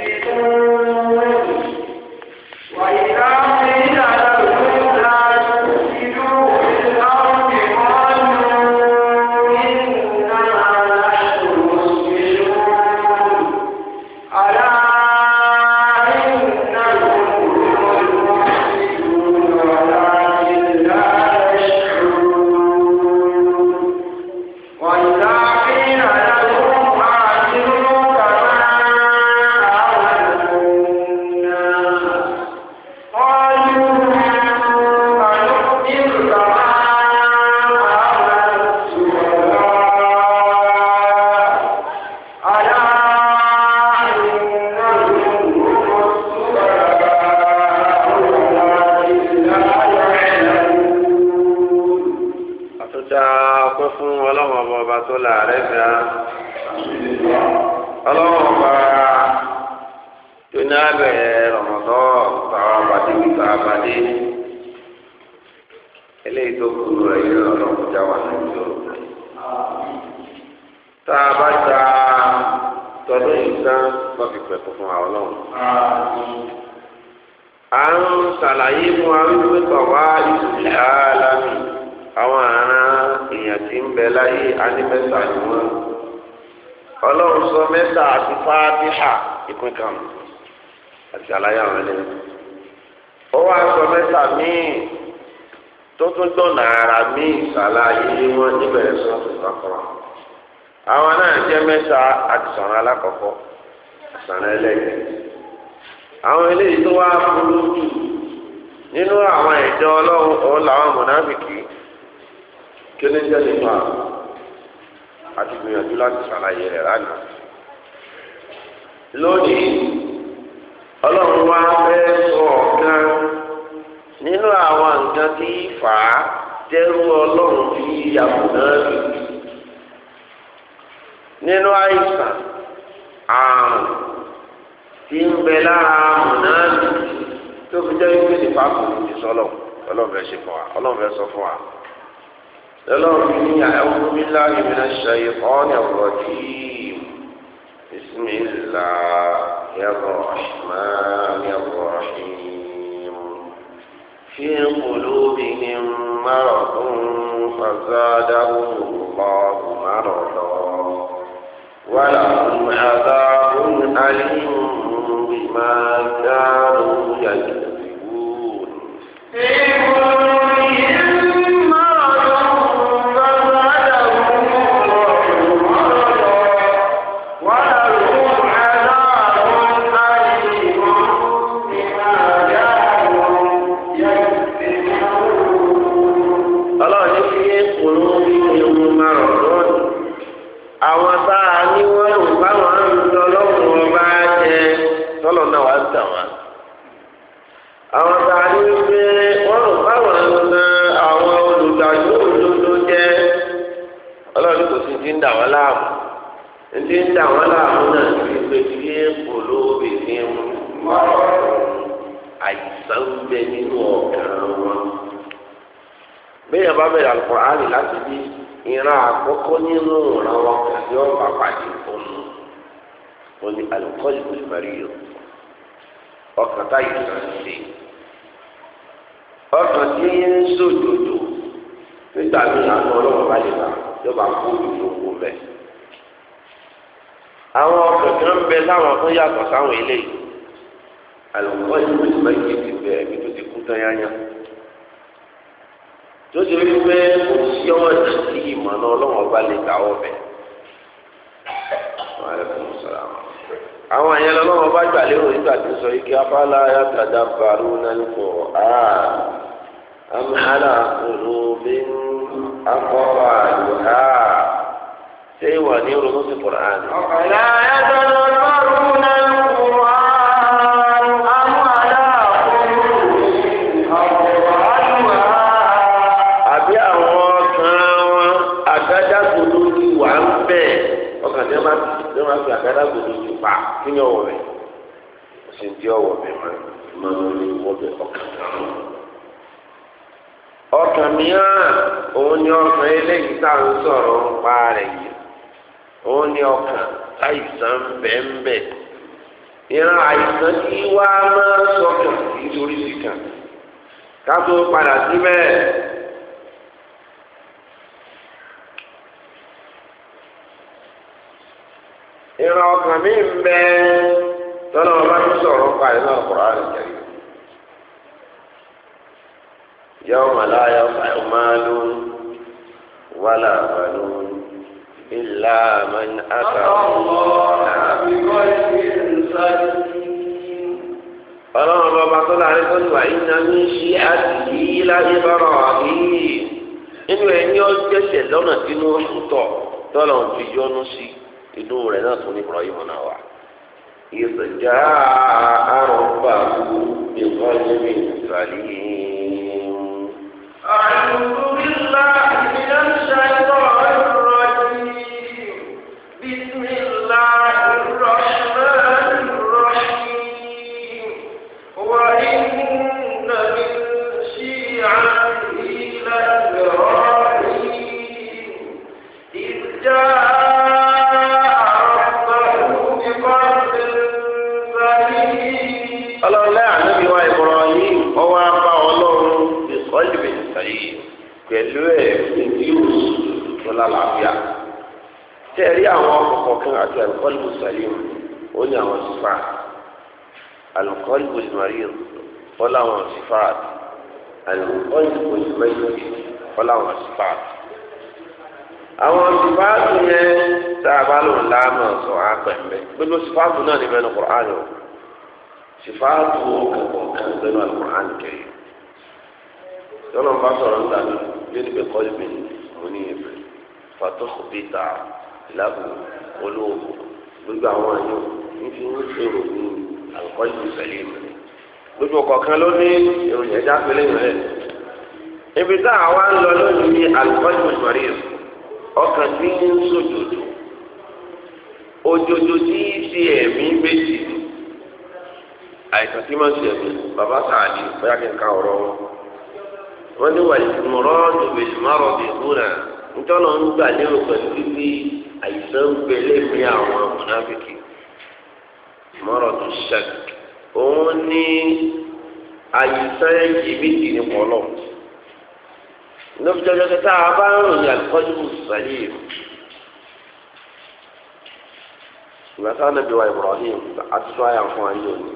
Amen. ṣàlàyé fún wa wípé bàbá ìṣòlá lámì àwọn àrùn èèyàn ti ń bẹ láyé anímẹ́ta ni wọ́n. ọlọ́run sọ mẹ́ta àti kan àti àlàyé àwọn ẹlẹ́yìn. ó wá sọ mẹ́ta míì tó tún dọ̀nà ara míì ṣàlàyé wọn níbẹ̀rẹ̀ àwọn náà jẹ́ mẹ́ta àti sọ̀rọ̀ alákọ̀ọ́kọ́ sọ̀rọ̀ ẹlẹ́yìn. àwọn eléyìí tó wá burú nínú àwọn ẹ̀jọ́ ọlọ́run òun làwọn mọ̀nàfìkì kéde jẹ́ àti gbìyànjú láti ṣàlàyé rẹ̀ lánàá. lónìí ọlọ́run wá fẹ́ sọ ọ̀kan nínú àwọn nǹkan tí fà á ọlọ́run fi yàgò náà rí nínú àìsàn àrùn tí ń bẹ lára tó fi jẹ́ wípé nípa kò ní sọ́lọ̀ ọlọ́run fẹ́ ṣe fún wa ọlọ́run fẹ́ sọ fún wa. ọlọ́run fi ní àwọn mílá ìmìnira ṣe ìkọ́ni ọ̀rọ̀ jì bisimilahi rahmani rahim fi qulubihim maradun fazadahum Allahu maradan wa lahum adhabun alim. بما كانوا يكذبون tọ́lọ̀ náà wà á tà wọ́n. àwọn tààrí wípé wọ́n rò báwọn na àwọn olùdájọ́ òdodo ọlọ́run kò ti ń dà wọ́n láàmú ti ń dà wọ́n láàmú náà ti pé kí ló bè ní àìsàn bẹ nínú wọn. bẹ́ẹ̀ bá bẹ̀rẹ̀ láti bí ìran àkọ́kọ́ nínú ìran wọn kàdé pàdé fún un. wọ́n ní yòó. ọkàn táyì sàn sí ọkàn tí ń sòdòdò nígbà tí àwọn ọlọ́wọ́ bá lè bá yóò bá kó ìfowó mẹ́. àwọn ọkàn kan ń bẹ láwọn tó yàtọ̀ sáwọn eléyìí àlùkò ìlú méjì ti bẹ ẹbí tó ti kú tán tó ti rí pé kò sí ọ̀nà tí ìmọ̀ náà ọlọ́wọ́ bá lè gbà ọ́ bẹ̀ àwọn àyẹn lọ́wọ́ bá gbà lérò nígbà tó sọ ike afárá yàtàdà faru náà fọ amhala olóbi akọwà lùhà ṣé ìwà ní ronú sí Kùránì. ọ̀kàlá yàtàdà faru náà fọ. Àgbàdàgbò lórí wà ń bẹ̀ ọkàn tí wọ́n máa fi àgbàdàgbò kí ni ọwọ́ rẹ̀ o sì ń di ọwọ́ rẹ̀ mọ́ máa ń lè wọ́ bẹ̀ ọkàn ọkàn mìíràn òun ni ọkàn eléyìí tá ya ń sọ̀rọ̀ ń pa rẹ̀ yìí òun mi ń bẹ lọ́nà ọba tó sọ̀rọ̀ pa iná ọ̀pọ̀lọpọ̀ àrùn يوم لا ينفع مال ولا بنون إلا من أتى الله بقلب سليم ọlọ́run bọba tó láàrin tó lù wáyé náà ní ṣí àdìyí láyé bọ́rọ̀ yìí nínú ẹni ọjọ́sẹ̀ lọ́nà tí mo ń tọ̀ tọ́lọ̀ ń fi sí i ìlú rẹ̀ náà tún ní Ibrahim náà wà. ìsìnjà àrùnbà kú ìkọ́jú mi ìsàlẹ̀ yìí. àìsùn nílá ìyá ń ṣe àìsàn ọ̀rẹ́. pẹ̀lú ẹ̀mí yóò tó lálàáfíà tẹ̀rí àwọn ọkọ̀ kan àti alukọ́lùbù sàlìm ó ní àwọn sífà alukọ́lùbù màrín ó láwọn sífà alukọ́lùbù mẹ́yìn ó láwọn sífà. àwọn sífà yẹn tá a bá lò lánà sọ á pẹ̀lẹ́ gbogbo sífà tó náà ní mẹ́nu kùránì o sífà tó kọ̀ọ̀kan gbẹ́nu alukùránì kẹ́yìn. tọ́lọ́mù bá sọ̀rọ̀ ń dàbí yóò ní bẹ́ẹ̀ kọ́lé mi mo ní ìfẹ́ fatọ́kù bíta lábù olóògùn gbogbo àwọn àyàn nífi ń ṣèrò ní àǹkọ́lé ìfẹ́lẹ́ mi gbogbo kọ̀ọ̀kan ló ní ìròyìn ẹ̀dá pẹ̀lẹ́ ìrọ̀lẹ́ ibi tá a wá ń lọ lónìí ní àǹkọ́lé ìfẹ́lẹ́ ọkàn tí ń sòjòjò òjòjò tí í ṣe méjì àìsàn tí máa ń ṣe ẹ̀mí bàbá sàádì bóyá kí n ka ọ̀rọ̀ wọn wọ́n ní wàlìmọ̀rọ́ tóbi márùn bíi kúrà ntọ́nà ń gbà lérò pẹ̀lú wípé àìsàn ń gbé lémi àwọn mọ̀nàfíkì mọ́rọ̀ tó ṣak òun ní àìsàn jìbìtì ní pọ̀lọ́ lọ́fíjọ́jọ́ kẹta bá ń àlùkọ́jú sàlẹ̀ ìgbà nàbí wa Ibrahim àti àyà fún wa òní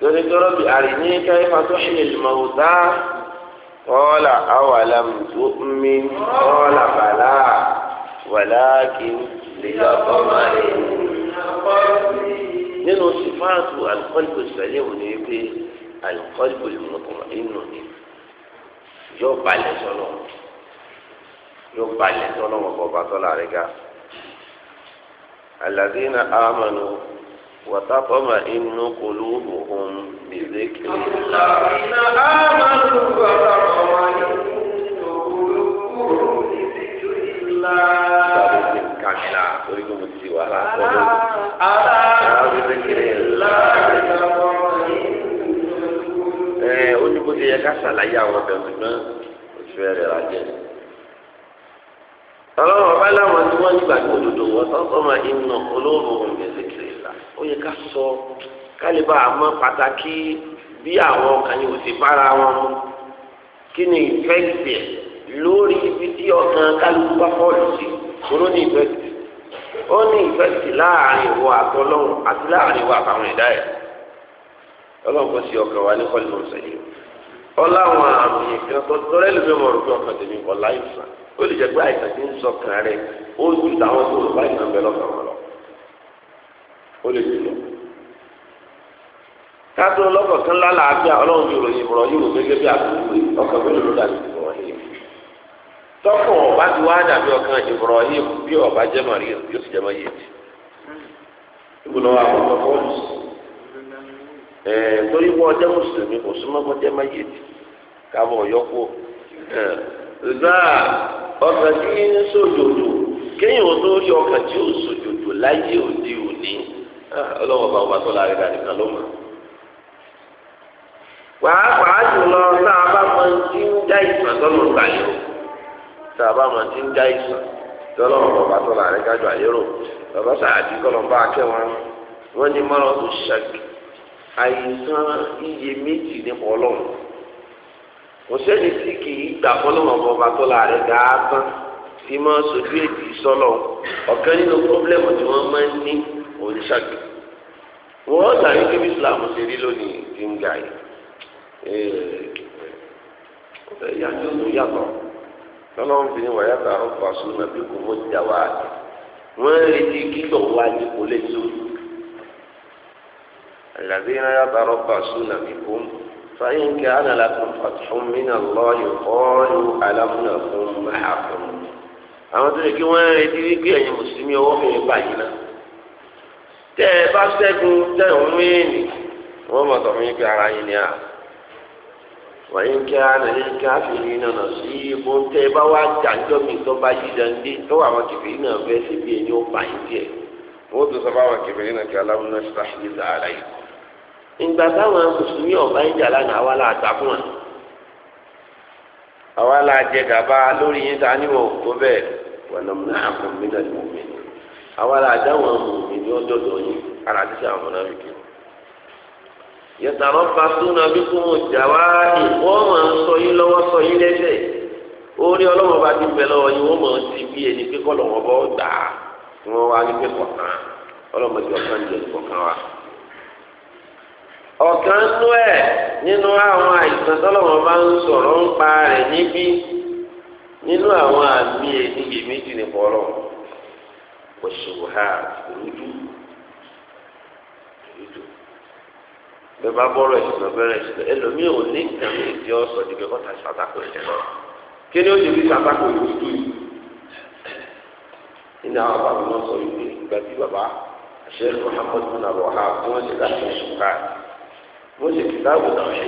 lórí tó rọ́bì àrìní káyífà tó ṣe lè mọ̀ọ́dá kọ́lá awàlámù tó ń mi kọ́lá bàlá wàláàkì lèlọ́kọ́mọ́rin. nínú sifaatu alikọ́lìbò sẹ́lẹ̀ wò ni wípé alikọ́lìbò lè mọ̀tọ́ inú ni yóò balẹ̀ sọ́lọ́ yóò balẹ̀ sọ́lọ́ wọn bọ̀ rẹ̀ ga. alàdínà àmàlù wàtàkọ́mà inú kolúbù hùm bìzẹ́kì. alàdínà àmàlù wàtàkọ́mà. sábẹ̀sẹ̀ kàmìlà torí kò mo ti wà láàpọ̀ lónìí. sábẹ̀sẹ̀ kiri ẹ̀ ẹ̀ ó ní kó ti yẹ ká ṣàlàyé àwọn ọbẹ̀ ṣùgbọ́n oṣù ẹ̀rẹ̀ rà jẹ́. ọlọ́run ọba láwọn tí wọ́n nígbà tó dodo wọ́n tó sọ́mà iná olóòrùn pàtàkì bí àwọn kan yóò ti bára wọn kí ni ìfẹ́ ìfẹ́ lórí ibi tí ọkàn kálukú bá fọ́ọ̀lù sí òun ní ìfẹ́ sí ó ní ìfẹ́ sí láàrin ìwọ àtọlọ́run àti láàrin ìwọ àtàwọn ẹ̀dá ẹ̀ ọlọ́run kò sí ọkàn wa ní kọ́lì náà sẹ́yìn o ọláwọn àrùn yìí kan tó tọ́lẹ́ lómi ọmọ rògbò ọkàn tèmi kọ láìsàn ó lè jẹ́ pé àìsàn ti ń sọkàn rẹ̀ ó ju táwọn tó lò báyìí náà bẹ lọ́kàn wọn lọ ó lè dùn lọ. káàtó lọ́kàn kan lálàáfíà ọlọ́run yóò ròyìn ìbọ̀rọ̀ yóò rò bí àtúntò ọkàn mélòó ló dà tọkùn ọba ti wá dàbí ọkàn Ibrahim bí ọba jẹ Mariam yóò sì jẹ mọ wa kò ẹ torí mùsùlùmí kò ọkàn tí ń sòjòjò kéèyàn ó tó rí ọkàn tí ó sòjòjò láyé òde òní ọlọ́wọ́ bá kan ló mọ̀ pàápàá jùlọ a tá a bá mọ̀ tí ń já ìsàn tọ́lọ́mọ bàbá tó là rẹ̀ kájọ àyérò bàbá sàájú kọ́lọ́mbà akẹ́wọn wọ́n ní mọ́ràn tó ṣàkí àìsàn iye méjì nípa ọlọ́run kì í gbà fọlọ́mọ bàbá tó tí sojú èdè ọ̀kan nínú pọ́blẹ́mù tí wọ́n máa ń ní wọ́n sàrí kí ṣe tọ́lọ́run fi ní wàyà bá ń fa sùn nàbí kò mọ́ ìjà wa wọ́n ń retí kíkọ̀ wá ní kò lè tó. àlàbí iná yà bá rọ́bà sùn nàbí kò fàyín kí á nàlá kan fàtún mìíràn lọ́ọ̀yọ̀ kọ́ọ̀lù alámúnà fún máa fún un. àwọn tó yẹ kí wọ́n ń retí wípé ẹ̀yin mùsùlùmí ọwọ́ mi ń bàyìí náà. tẹ́ ẹ bá ṣẹ́gun tẹ́ ẹ̀ ń ni wọ́n mọ̀ tọ́ mi ara yín ni à wọ́n kí àná ní káfíìnì nànà sí ibò tẹ́ ẹ bá wá jàǹjọ́ mi tó bá yí dandé tó àwọn kìfìrí náà fẹ́ sí bí ẹni ó bá yín díẹ̀ wọ́n tó sọ fáwọn kìfìrí náà kí aláwọ̀nà ṣe láti ṣe yìí. ìgbà táwọn mùsùlùmí ọ̀bá ń lánàá àwa là dá fún wa àwa là jẹ gàba lórí yín ta níwọ̀n tó bẹ́ẹ̀ wọ́n lọ́mú náà fún mi náà ní mòmí àwa là dáwọn mòmí ní ọjọ́ yẹtàrọ fasúnà bíkún jàwá ìwọ́n máa ń sọ yín lọ́wọ́ sọ yín lẹ́sẹ̀ orí ọlọ́wọ́n ti bẹ̀ lọ́wọ́ yín wọ́n máa ń ti bí ẹni pé kọ́lọ̀ wọn gbà á tí wá ní pé jẹ wa. ọ̀kan nú ẹ̀ nínú àwọn àìsàn ń sọ̀rọ̀ ń pa rẹ̀ níbí nínú àwọn àmì ha bẹ́ẹ̀ bá bọ́rọ̀ ẹ̀sìn náà bẹ́rẹ̀ ẹ̀sìn náà ẹlòmíì ò ní nǹkan ní ìdí ọ̀sọ̀ ní bẹ́ẹ̀ kọ́ta ṣàtàkùn ẹ̀jẹ̀ lọ. kí ni ó ti fi ṣàtàkùn ìlú dùn yìí. nínú àwọn bàbá náà sọ ìwé ìgbà tí bàbá àṣẹ Muhammad bin abdulha tí wọ́n ṣe láti ṣùkà wọ́n ṣe kí táwọn náà ṣe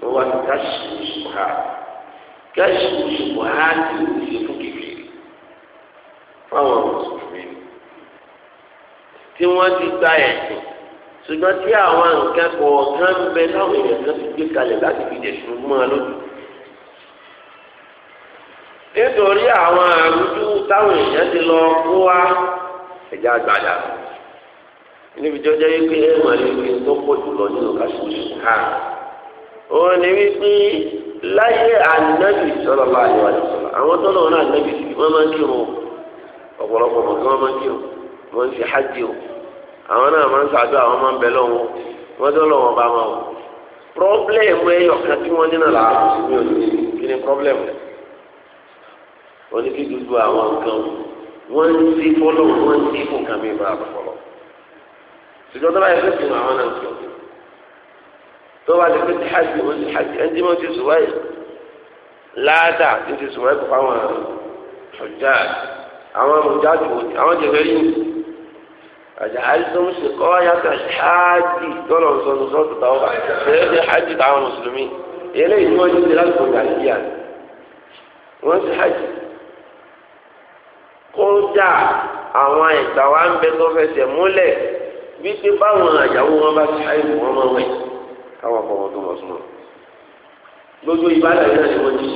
wọ́n wá ní káṣíwò ṣùkà káṣíwò ṣùkà ti ṣe fún kékeré fáwọn mùsùlùmí tí wọ́n ti gbá ẹ̀sìn ṣùgbọ́n tí àwọn nǹkan kọ̀ọ̀kan ń bẹ láwọn èèyàn kan ti gbé kalẹ̀ láti fi jẹ̀ sùn mọ́ ọ lójú. nítorí àwọn àrùjú táwọn èèyàn ti lọ kó wá ẹ̀já gbàdà níbi tó jẹ́ wípé ẹ̀wọ̀n lè fi tó pọ̀ jùlọ nínú kásìmù ká. òun ni wípé láyé ànábì sọ̀rọ̀ bá àyè wà lọ́sọ̀rọ̀ àwọn tó lọ́wọ́ náà ànábì wọ́n máa ń kírun ọ̀pọ̀lọpọ̀ mọ̀ àwọn náà máa ń sàdó àwọn máa ń bẹ lọ́wọ́ wọ́n tó lọ́wọ́ bá wọn o pọ́blẹ́mù ẹ̀yọ̀kan tí wọ́n nínú làwọn mùsùlùmí ò ní kí ni pọ́blẹ́mù rẹ̀ wọ́n ní kí dúdú àwọn nǹkan wọ́n ń sí fọ́lọ́ wọ́n ń sí fún kàmí ìbára fọ́lọ́ ṣùgbọ́n tó bá yẹ kó tún àwọn náà tó tó bá lè pé tí hajj ó ti hajj ẹni tí wọ́n ti sùn wáyé láàdà ti ti sùn wáyé kó fáwọn ọjà àwọn ọjà àwọn jẹ̀fẹ́ àjàáìsàn ń ṣèkọ́ yàtọ̀ ṣáájì tọ́lọ̀ sọ̀tọ̀ sọ̀tọ̀ táwọn ṣẹlẹ̀ ṣe hajj táwọn mùsùlùmí eléyìí ni wọ́n ti láti kọ̀ gàdíyà wọ́n ṣe hajj kódà àwọn ìgbà wa ń bẹ tó fẹsẹ̀ múlẹ̀ wípé báwọn àyàwó wọn bá ṣe hajj wọn máa wẹ̀ káwọn kọ̀ wọn tó wọ́n súnmọ́ gbogbo ìbálẹ̀ náà ni wọ́n ti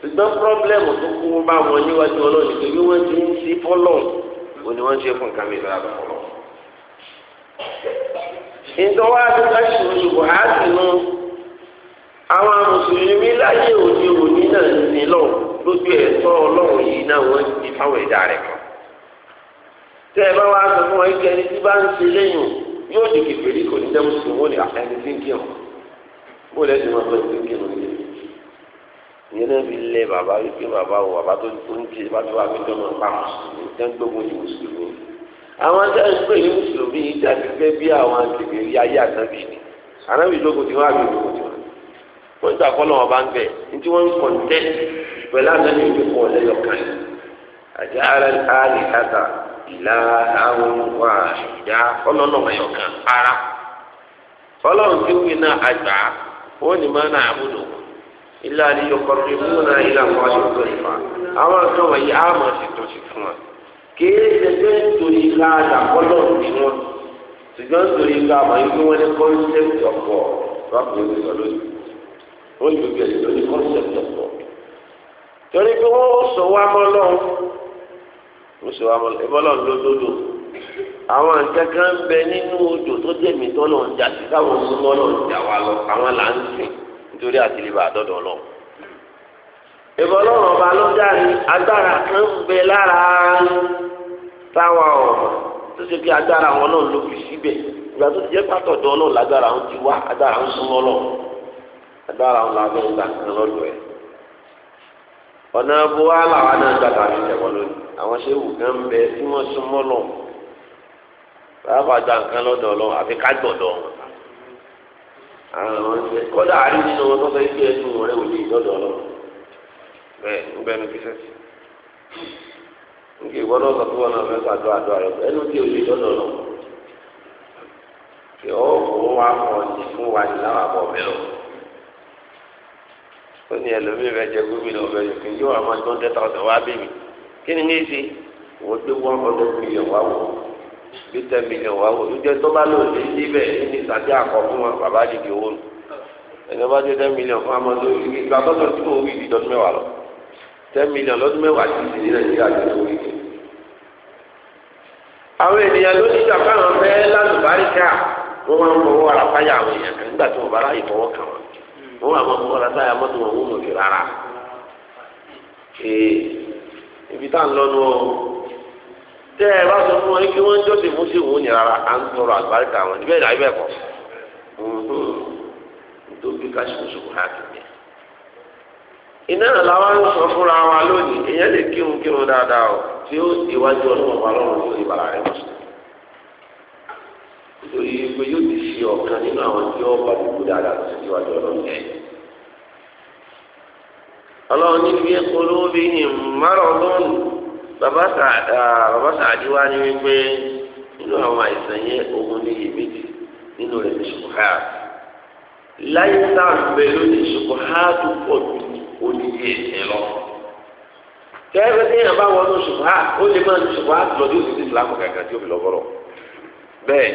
ṣe ṣùgbọ́n pírọ́blẹ́mù tó kú bá wọn níwájú ọlọ́ọ̀nì pé wọ́n ti ń ṣe fọ́lọ́ọ̀ òní wọ́n ṣe fún kàmí ìlú àbẹ̀fọ́lọ́ ìtọ́wádìí káṣíwò ṣùgbọ́n á sì nu àwọn mùsùlùmí láyé òde òní náà ní lọ lójú ẹ̀tọ́ ọlọ́run yìí náà wọ́n ti fáwọn ẹ̀dá rẹ̀ kan. tẹ́ ẹ bá wá sọ fún wọn kẹ́ni tí bá ń ṣe lẹ́yìn yóò di kìfèrí kò ní jẹ́ mùsùlùmí ní àfẹ́ni ah, tí ń kí wọn. bó lẹ́sìn máa fẹ́ tí ń kí wọn yẹn. ìyẹn náà fi lé bàbá wípé bàbá wo bàbá tó ń kí bàbá tó wà pé jọmọ pa mùsùlùmí mùsùlùmí. àwọn ajá ń pè ní mùsùlùmí yìí jáde gẹ́gẹ́ bí àwọn àgbègbè ayé ni ànábì lóko tí wọ́n á lòdì lòdì wọn. wọ́n ti àkọ́lọ́ wọn ń bẹ̀ ní tí wọ́n ń kọ̀ǹtẹ́ pẹ̀lú ànábì tó kọ̀ yìí. ara àlè kàtà ìlà àwọn wà ìdá ọlọ́nà ẹ̀yọ̀ ara. ọlọ́run tí ó wí àgbà wọ́n ní máa náà àbúdò ilé kìí ṣe pé nítorí ká àdàkọ́lọ̀ ní wọn ṣùgbọ́n nítorí ká àmọ́ ikú wọn ní concept of war rọ́pò lónìí wọ́n yóò bẹ̀rẹ̀ lórí concept of torí pé wọ́n sọ wá wọ́n sọ wá bẹ nínú odò tó tọ́lọ̀ ń jà sí káwọn ń jà wá lọ àwọn là ń sìn nítorí àdọ́dọ̀ lọ. táwọn ọ̀rọ̀ tó ṣe pé agbára wọn náà ló fi síbẹ̀ ìgbà tó ti náà lágbára wọn ti wá agbára wọn lọ agbára wọn làbẹ́ ìgbà kan lọ́dọ̀ ẹ̀. ọ̀nà buwa làwọn náà gbàgbà fi tẹ̀ wọ́n lónìí àwọn ṣe wù kán bẹ tí wọ́n lọ́dọ̀ lọ àfi kọ́dà àrí nínú wọn tó fẹ́ gbé ẹnu rẹ̀ nke ìwọ náà sọ pé wọn náà fẹ́ fàdúrà àdúrà rẹ ẹnu tí o lè lọ kí ọ fún wa kọ ní fún wa ní láwọn àbọ̀ mi ó ní ẹlòmíràn fẹ́ jẹ gómìnà ọbẹ̀ yìí kí yóò àwọn tó ń tẹ́tà ọ̀sẹ̀ wá bí mi kí ni ní í ṣe wọ́n gbé one hundred million wá wò bí ten million wá wò ìjọ tó bá lò ní síbẹ̀ ní ìsàdé àkọ́ fún wọn bàbá dìde owó nù ẹni wọ́n bá dé ten fún amọ̀ lórí ìgbà tó ten million lọ́dún mẹ́wàá ti di ní nàìjíríà tó tó wí. àwọn ènìyàn ló ní ìjàmbá wọn fẹ́ lálùbáríkà wọn máa ń fọwọ́ ara fáyà àwọn èèyàn kan nígbà tí bá láyè fọwọ́ kàn wà máa fọwọ́ ara mọ́tò wọn sọ fún wọn kí wọ́n jọ́ sí fún òun ní rárá à ń tọrọ àlùbáríkà wọn níbẹ̀ nítorí ká iná làwọn ń sọ fúnra wa lónìí èèyàn lè kírun kírun dáadáa o tí ó sì ọrụ ọlọ́run ọrụ lọ́rùn lórí ìbára rẹ̀ mọ̀ nítorí pé yóò ti ṣe ọ̀kan nínú àwọn tí ó bá gbogbo dáadáa ní fi bàbá ní wípé nínú àwọn àìsàn yẹn ní nínú ní ṣùkúhà láyé sáà ń odidi ẹsẹ lọ kẹ́rẹ́ tí yàn bá wọ ní oṣù ha ó lè máa ní oṣù ha lọ́dún òsì ní ìsìlámù kankan tí ó fi lọ bọ̀rọ̀ bẹ́ẹ̀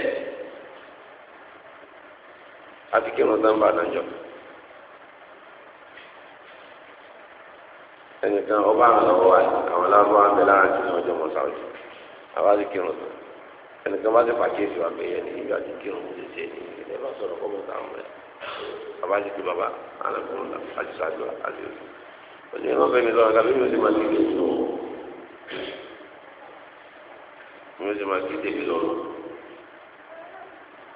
àti kí wọ́n dáná bá dájọ́ ẹnìkan ọba àwọn ọlọ́wọ́ wa àwọn aláwọ̀ àmì lára ti ní ọjọ́ mọ́ sáwọ́jì àwa ti kírun tán ẹnìkan bá ti pàkíyèsí wa pé ẹni ìgbà ti kírun ti ṣe ẹni ìgbà sọ̀rọ̀ kọ́ mọ́ta àwọn ọmọ ẹ̀ bàbá ti fi bàbá alákùnrin la àti sáájú àti òsì òní wọn fẹmi lọ àgbà mímu sì máa kéde tó mímu sì máa kéde bí lọ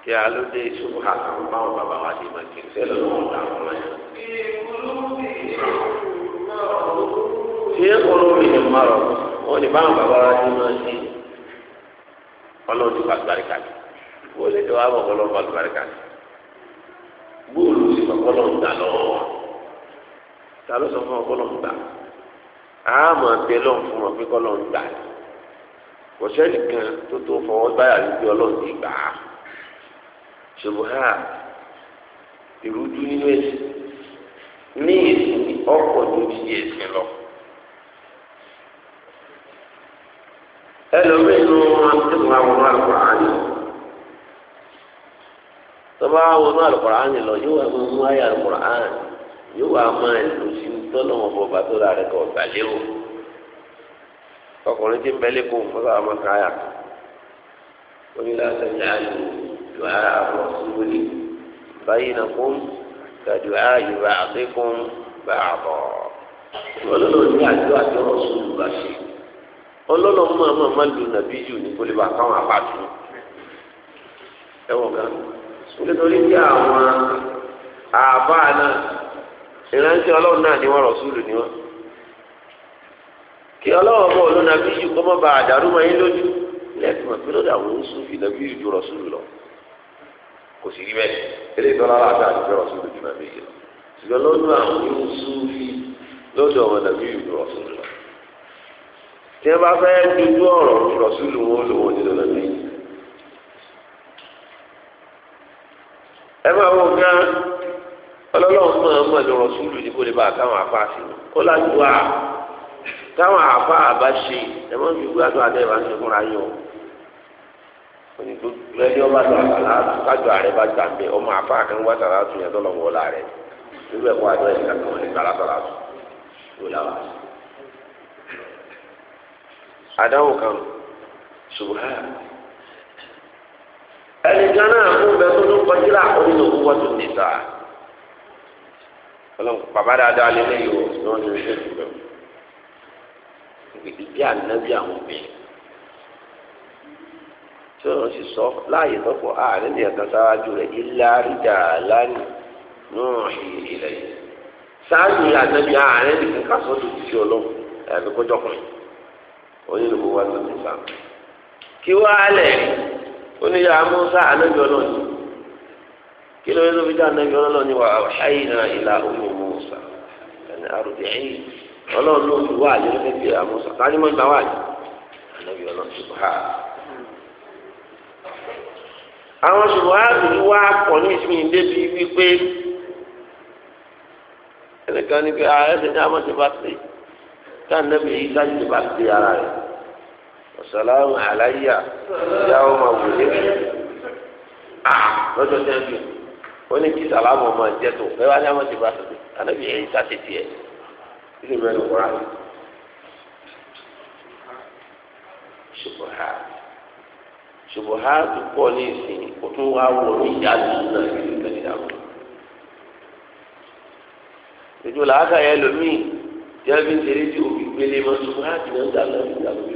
kí alóde ìṣubú ha kàn báwọn bàbá wa ti máa kéde sẹlẹ lọ́wọ́ làwọn ọmọ yẹn. ṣé olórí ni mo máa rọ wọn ni báwọn bàbá wa ti máa ṣe ọlọ́run ti fa àgbàríkà ni wọ́n lè tẹ́wọ́ àbọ̀ ọlọ́run fa àgbàríkà sọ fọlọ́ ń gbà lọ́wọ́ wa ta ló sọ fún ọ fọlọ́ ń gbà àmọ́ tẹ lọ́n fún ọ pé kọ́lọ́ ń gbà kò sẹ́ni kan tó tó fọwọ́ báyà lójú ọlọ́run ti gbà á ṣùgbọ́n ha ìrújú nínú ẹ̀sìn ní ìsìn ọkọ̀ tó ti di ẹ̀sìn lọ. ẹlòmíràn wọn àwọn ọmọ àlùkò tọ́ba wọnú alukur'an lọ yóò wá máa mú ayé alukur'an yóò wá máa lò sí tọ́nà ọ̀bọ̀ bàtó la rẹ̀ kọ̀ gbàlẹ́ o ọkùnrin tí ń bẹ́lẹ̀ kó fọ́sọ́ àwọn káyà onílà sẹ́yìn àlù dùá àbọ̀ síwòlì báyìí nà kún kàdù àyù bá àtẹ́kùn bá àbọ̀ olólò ní àjọ àjọ ọ̀sùn lùbà ṣe olólò mú àmọ́ àmọ́ lù nàbí jù ní kólébà káwọn àbàtú ẹ̀wọ̀n kan nítorí tí àwọn àbá náà ìrántí ọlọ́run náà ni wọ́n rọ̀ṣúlù ni wọ́n kí ọlọ́run bọ̀ ló nàbí yìí kọ́ mọ́ bá àdàrú mọ́ yín lójú lẹ́ẹ̀tì mọ̀ pé lọ́dọ̀ àwọn oṣù fi nàbí yìí ju rọ̀ṣúlù lọ kò sì rí bẹ́ẹ̀ eré ìtọ́lá láti àdúgbò rọ̀ṣúlù ju nàbí yìí lọ ṣùgbọ́n lọ́dọ̀ àwọn oṣù fi lọ́dọ̀ àwọn nàbí yìí ju rọ̀ṣúlù lọ tí wọ́n bá fẹ́ dojú ọ̀rọ̀ rọ̀ṣúlù wọn lò nílò nàbí ẹ máa wọ gán ọlọ́lọ́run máa mọ̀ ní rọ̀ṣúlù ní kó lè bá àtàwọn àfa sí i kó lájú wa táwọn àfa àbá ṣe ẹ máa fi gbádùn àdé ìbá ṣe fúnra yín o onídùúgbò ẹni ọba tó àgbàlá kájọ àrẹ bá gbà mí ọmọ àfa kan wá sàrà tún yẹn tọ́lọ̀ wọlá rẹ nínú ẹ̀kọ́ àjọ ẹ̀ nìkan kan nípa lásàrà tún yóò láwà. àdáwò kan ṣùgbọ́n ẹnìkan náà mú bẹ tó tó kọjúlá onínú owó tó ní sáà ọlọ́run bàbá dáadáa lé lẹ́yìn o ní wọ́n ti rí lẹ́yìn bẹ́ẹ̀ bí àwọn obìnrin tí wọ́n sì sọ láàyè lọ́pọ̀ ààrẹ ní ẹ̀ka sáájú rẹ̀ lánìí náà sáájú ààrẹ tó ti ọlọ́run onínú owó tó ní oníyà amúnsá anábì ọlọ́ọ̀ni kí ló ń lọ fi dá anábì ọlọ́ọ̀ni wà áyìnà ìlà ọmọ mùsà ẹni àròdì ẹ̀yìn ọlọ́ọ̀ni ló fi wá àyè lọ́fẹ́ amúnsá ká ní mọ́ ìgbà wáyé ti bá a. àwọn ṣùgbọ́n wa pọ̀ ní ìsinmi débi wípé ẹnìkan ní pé ààrẹ ti ní amọ̀tí bá ti ká anábì yìí dájú ti bá ti ara rẹ̀. ọ̀sálàmù àláyà ìyáwó máa wù ní bí lọ́jọ́ tẹ́lẹ̀ bí ó ní kí sàlámù ọmọ ẹ̀jẹ̀ tó ẹ wá ní àwọn ti bá sọ̀tẹ̀ ànábì ẹ̀yìn sáṣẹ tiẹ̀ nínú mẹ́rin wúrà rẹ̀ ṣubuhá ṣubuhá tó pọ̀ ní ìsìn kó tún wá wọ̀ ní ìyá àdúgbò náà ní ìkànnì àbọ̀ ìjọ làákàyẹ lómi jẹ́ ń tẹ̀lé tí òbí gbélé mọ́ ṣubuhá ti náà dà lọ́wọ́ ìgbàlódé.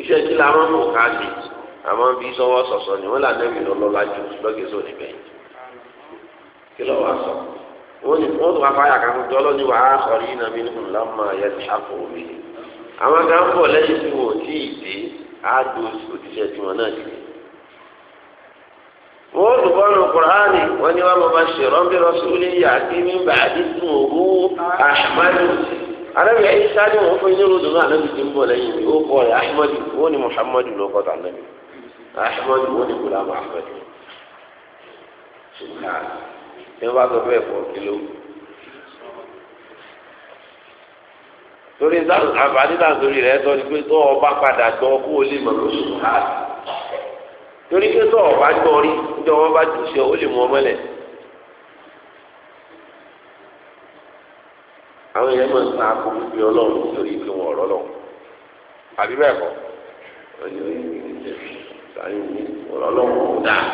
iṣẹ́ tí la máa mọ̀ ká lè àmọ́ bí sọ́wọ́ sọ̀sọ̀ ni wọ́n là nẹ́bí lọ́lọ́lá jù lọ́gẹ̀ sóò níbẹ̀ yìí kí lọ́wọ́ sọ wọ́n ní wọ́n tó wá fáyà kan tó ọlọ́ni wàá sọ̀rọ̀ yìí nàmi nìkún lọ́mọ ayé ti àpò omi àwọn kan bọ̀ lẹ́yìn tí wọ́n ti dé àádó òṣìṣẹ́ tí wọ́n náà ti dé. wọ́n tó bọ́ nù kúránì wọ́n ní wọ́n mọ̀ bá ṣe rọ́ńbẹ́rọ́sọ́lẹ́yà kí ní anabi ayisa ni wọn fún yíyọrọ dùnú anabi ti ń bọ lẹ́yìn mi ó kọ rẹ ahimadu wọn ni muhammadu ló kọ tà anabi ahimadu wọn ni gulam ahimadu ṣùgbọ́n ẹ bá sọ bẹ́ẹ̀ fọ kìló. torí àǹfààní náà torí rẹ sọ ni pé tó padà gbọ́ kó o lè mọ̀ ló ṣùgbọ́n torí pé tó ọba gbọ́ rí níjọ wọn bá lè mú ọmọ àwọn èèyàn máa ń ta akó bíbí ọlọ́run nítorí pé wọn ọ̀rọ̀ lọ àbí bẹ́ẹ̀ kọ́ ọ̀rọ̀ lọ́wọ́ kò dáa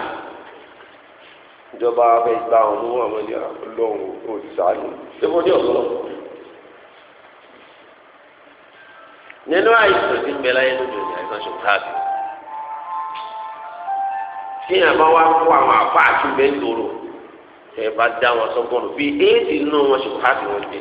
ìjọba abẹ́ ìgbà wọn mú àwọn ní ọlọ́run òṣìṣàánú ṣébó ní ọ̀sán lọ́wọ́. nínú àìsàn tí ń bẹ láyé lójú ní àìsàn ṣòkáàbì kíyàn bá wá kó àwọn àfáà tún bẹ́ẹ̀ lóró ẹ bá dá wọn sọ́gbọ́n bí éèdì nínú wọn ṣòkáàbì wọn dé.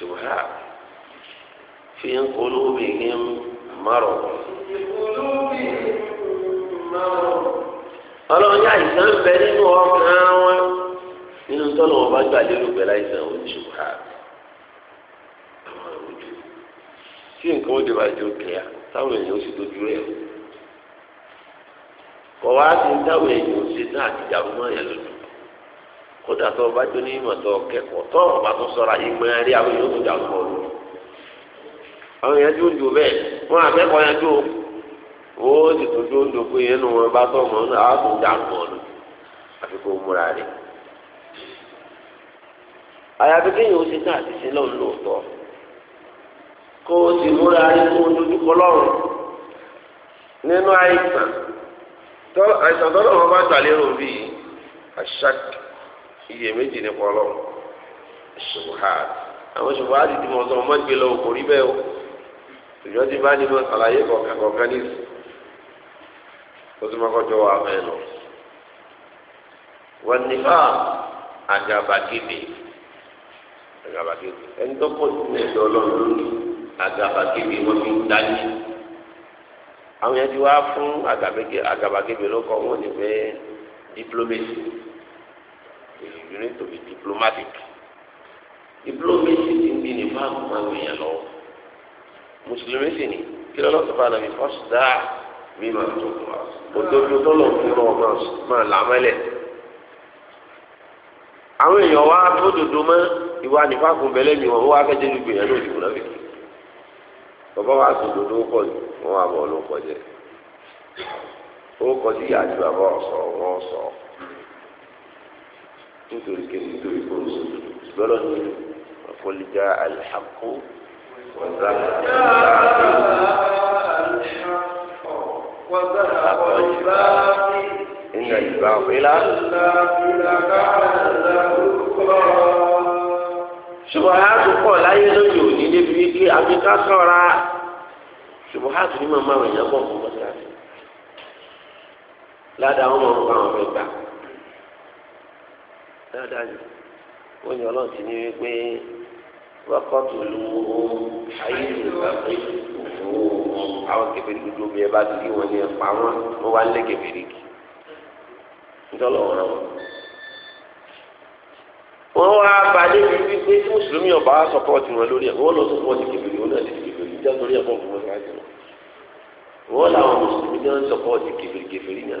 شبهات في قلوبهم مرض ọlọ́run ní àìsàn ń bẹ nínú ọkàn wọn nínú tọ́lọ̀ wọn bá gbà tí nǹkan ó bá jọ táwọn èèyàn ó sì dojú wá sí táwọn èèyàn ó sì àtijọ́ àwọn èèyàn kódà tó o bá jó ní ìmọ̀ kẹ́kọ̀ọ́ tó o bá tó sọ̀rọ̀ àyè rí àwọn àwọn yẹn tó ń bẹ́ẹ̀ wọn o sì tún tó ń do pé yẹn nù wọn bá tó mọ̀ ọ́nà àwọn tó dà o múra àyàfi kéèyàn o sì múra kó o nínú àìsàn tó àìsàn tó bá tà iyèméjì nípa ọlọ́run ṣubuhat àwọn ṣubuhat ti mọ̀ sọ ọmọ ìgbélé o kò rí bẹ́ẹ̀ o ìjọ ti bá ní mọ̀ sàlàyé kọ̀ọ̀kan kọ̀ọ̀kan ní ìsìn ó sì mọ́kọ́ jọ wà mẹ́ẹ̀ lọ. wọ́n ní fáà àgàbàgebè àgàbàgebè ẹni tó pọ̀ sí ẹ̀dọ́ ọlọ́run lónìí àgàbàgebè wọ́n fi ń dájú àwọn yẹn ti wá fún àgàbàgebè ló kọ́ wọ́n ní fẹ́ diplomacy you need to be diplomatic diplomacy ti ń bí ní fáàmù máa ń wẹ̀yàn lọ mùsùlùmí sì ni kí lọ́lọ́ tó bá nàbí fọ́sù dáa bí màá tó kù wá òdodo tó lọ fún ọ máa làmẹ́lẹ̀ àwọn èèyàn wa tó dodo mọ́ ìwà nífàkùn bẹ́lẹ́ mi wọn wọ́n wá fẹ́ jẹ́jú gbìyànjú òdìbò náà fìkì bàbá wa sọ dodo pọ̀ jù wọ́n wà bọ̀ ló kọjẹ́ ó kọjú ìyá àti bàbá ọ̀sọ̀ wọ́n sọ nítorí kéde nítorí kó o sùn lọ́lọ́ ní ọ̀kọ́lìjà àlìhàkó wọ̀zá àkọ́lìjà ìnà ìgbà òfìlà. subahátu pọ̀ láyé lóde òní débi wípé àbí ká sọ̀ra subahátu ni màmá rẹ̀ yẹn bọ̀ fún mọ́tò àti ládàá wọn mọ̀ fún àwọn ọ̀rẹ́ gbà dáadáa ni wọ́n ní ọlọ́run ti ní wípé wákọ́tù lu ayé ìgbà pé òun àwọn kẹfẹ́rìkì tó bí ẹ bá ti rí wọn ní ẹ̀pà wọn wọ́n wá lé kẹfẹ́rìkì nítorí ọ̀rọ̀ wọn. wọ́n wá bá débi wípé tí mùsùlùmí ọba wá sọpọ́ọ̀tì wọn lórí ẹ̀ wọ́n lọ sọpọ́ọ̀tì kẹfẹ́rì wọn náà ti kẹfẹ́rì jẹ́ torí ẹ̀fọ́ fún wọn ṣáájú wọn. wọ́n làwọn mùsùlùmí náà sọpọ́ọ̀tì kẹfẹ́rì kẹfẹ́rì náà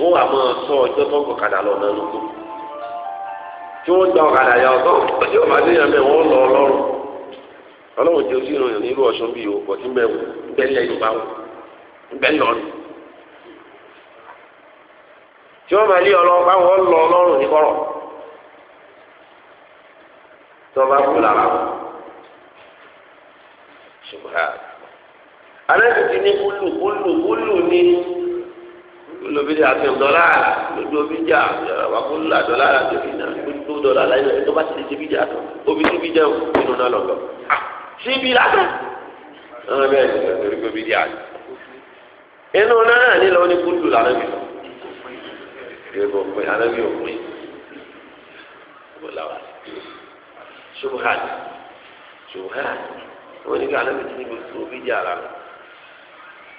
wọn wà máa sọ ọjọ́ tó ń gbọ̀kadà lọ náà lóko tí wọ́n gba ọ̀kadà yà ọ̀tọ̀ tí wọ́n bá déyàn bẹ́ẹ̀ wọ́n lọ ọlọ́run ọlọ́run tí o sì rìn nílùú ọ̀ṣun bíi òkò tí ń bẹ ńbẹ́lẹ̀ yorùbá wò ńbẹ́lẹ̀ ọ̀run tí wọ́n máa lé ọlọ́run báwọn lọ ọlọ́run ní kọ́rọ̀ tí wọ́n bá kú lára wọn ṣùgbọ́n alẹ́ tuntun ní kúlù kúlù kúlù ní lóbi dí àti dọ́là lóbi dí àwàkùn ńlá dọ́là àti òbí náà gbogbo dọ́là láyé náà tó bá ti lè ṣe bí dí àtọ̀ òbí tó bí jẹ́ òun nínú náà lọ́dọ̀ ṣé ibi lásán. ọ̀rọ̀ bẹ́ẹ̀ ni ìgbà torí gbòbí dí àná. inú náà ní lọ́wọ́ ní kúndù lànà lọ. ìrèbó pé àná mi ò pín. ṣùgbọ́n ṣùgbọ́n wọ́n ní kí àná ti ní gbogbo òbí dí àná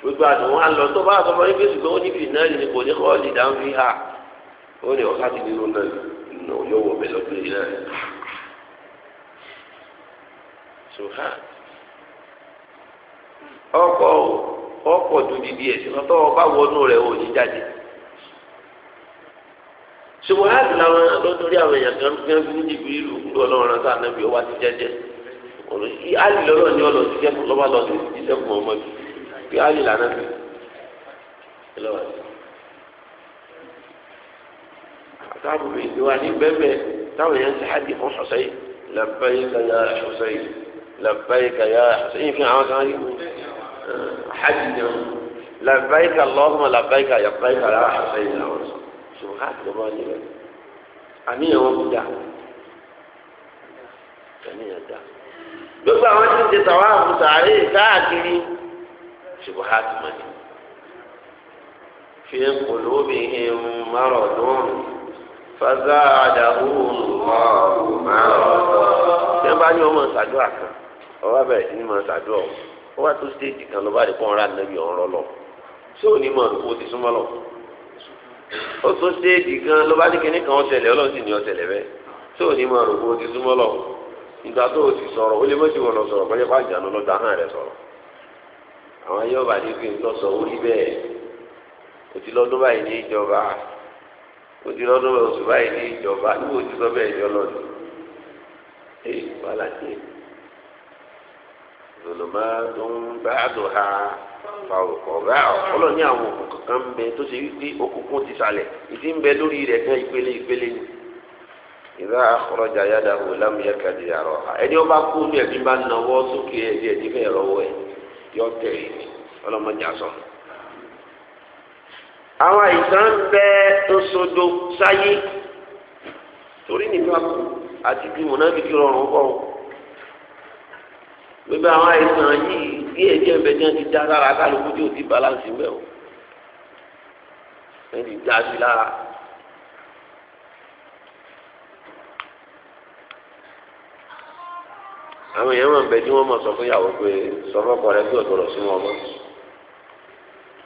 gbogbo àdùn wa lọ tó bá àtọmọ yín fèsì pé ó níbi náà ní kò ní kọ́ọ̀lì dáhùn fi hà ó ní ọ̀ká ti nínú náà nà ó yóò wọ̀ bẹ́ẹ̀ lọ́dún yìí náà. sùhà ọkọ ọkọ dùdì díẹ̀ ṣùgbọ́n tọ́wọ́ bá wọnú rẹ̀ ò ní jáde. ṣùgbọ́n láti làwọn lọ́dọ̀rí àwọn èèyàn kan fi ń fi níbi ìlú ìlú ọlọ́run sáà náà bí ó wá ti jẹ́jẹ́ bí alì lànà bí lọ́wọ́ àtàwọn mi ni wà ní bẹ́ẹ̀ táwọn yẹn ti hajj fún Husayn labbayka ya Husayn labbayka ya Husayn fi àwọn kan yìí hajj ni wọn labbayka Allahumma labbayka labbayka ya Husayn làwọn sọ ṣùgbọ́n káàkiri wọn ni bẹ́ẹ̀ àníyàn wọn kú dáa àníyàn dáa gbogbo àwọn tí ń ti tàwa àbùsà àárẹ̀ káàkiri ṣubuhat mani fi qulubihim maradun fazadahum Allahu maradan. tí wọ́n bá ní ọmọ ṣàdúrà kan ọba bẹ̀rẹ̀ sí ní mọ ṣàdúrà ọ̀hún ó wá tó stéèjì kan ló bá dé pọ́nra nàbí ọ̀rọ̀ lọ tí ò ní mọ̀ nípa ó ti súnmọ́ lọ. ó tó stéèjì kan ló bá ní kíní kan ọ̀sẹ̀lẹ̀ ọlọ́run sì ní ọ̀sẹ̀lẹ̀ bẹ́ẹ̀ tí ò ní mọ̀ nípa ó ti súnmọ́ lọ. ìgbà tó o ti sọ̀rọ̀ ó lé mọ́tì wọn lọ sọ̀rọ̀ kọ́jọ́ pàjánù lọ́dọ̀ ahọ́n rẹ̀ sọ̀rọ̀. àwọn yóò bá dé pé ń lọ sọ orí bẹ́ẹ̀ òtí lọ́dún báyìí ní ìjọba òtí lọ́dún oṣù báyìí ní ìjọba níbo òtí sọ bẹ́ẹ̀ jọ èyí wàhálà dé tó ń bá àdùn ha fa òkò bá ọlọ ní àwọn ń bẹ tó ṣe wípé òkùnkùn ti ìdí ń bẹ lórí ìpele ìpele ni àkọrọjà wò lámúyẹ ẹni kú ní ẹbí bá yọ tẹ̀lé ni ọlọ́mọdé aṣọ. àwọn àìsàn ń bẹ tó sodo sáyé torí nípa kù àti bí mọ̀nàbíkì rọrùn bọ̀ gbogbo àwọn àìsàn yìí bí ẹ̀jẹ̀ ń bẹ jẹ́ ti dá lára kálukú tí ò ti balance mẹ́ o ẹ̀ ti dá sí lára. àwọn èèyàn máa ń bẹ tí wọ́n mọ̀ sọ fún ìyàwó pé sọ fọ́kọ rẹ bí ọ̀dọ́rọ̀ sí wọn mọ́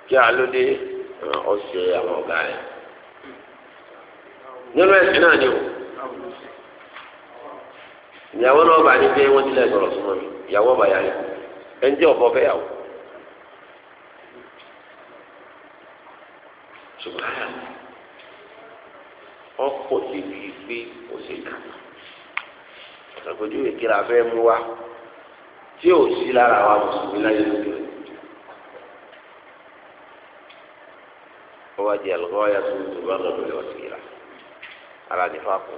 kí alóde ọ̀sẹ̀ àwọn ọ̀gá rẹ̀ nínú ẹ̀sìn náà ni o ìyàwó náà bá ní pé wọ́n ti lẹ̀ sọ̀rọ̀ sí wọn ìyàwó ọba yà ni ẹ̀ ń jẹ́ fẹ́ yàwó. ọkọ̀ ti di pé ó kàmá àpèjúwe kí la fẹ́ mú wa tí ò sí lára wa mùsùlùmí láyé lókè rẹ̀. ó wá di àlùkò wáyà tó ń tòbá lọ́dọ̀ lọ́wọ́ sí ra ara ní fáàkù.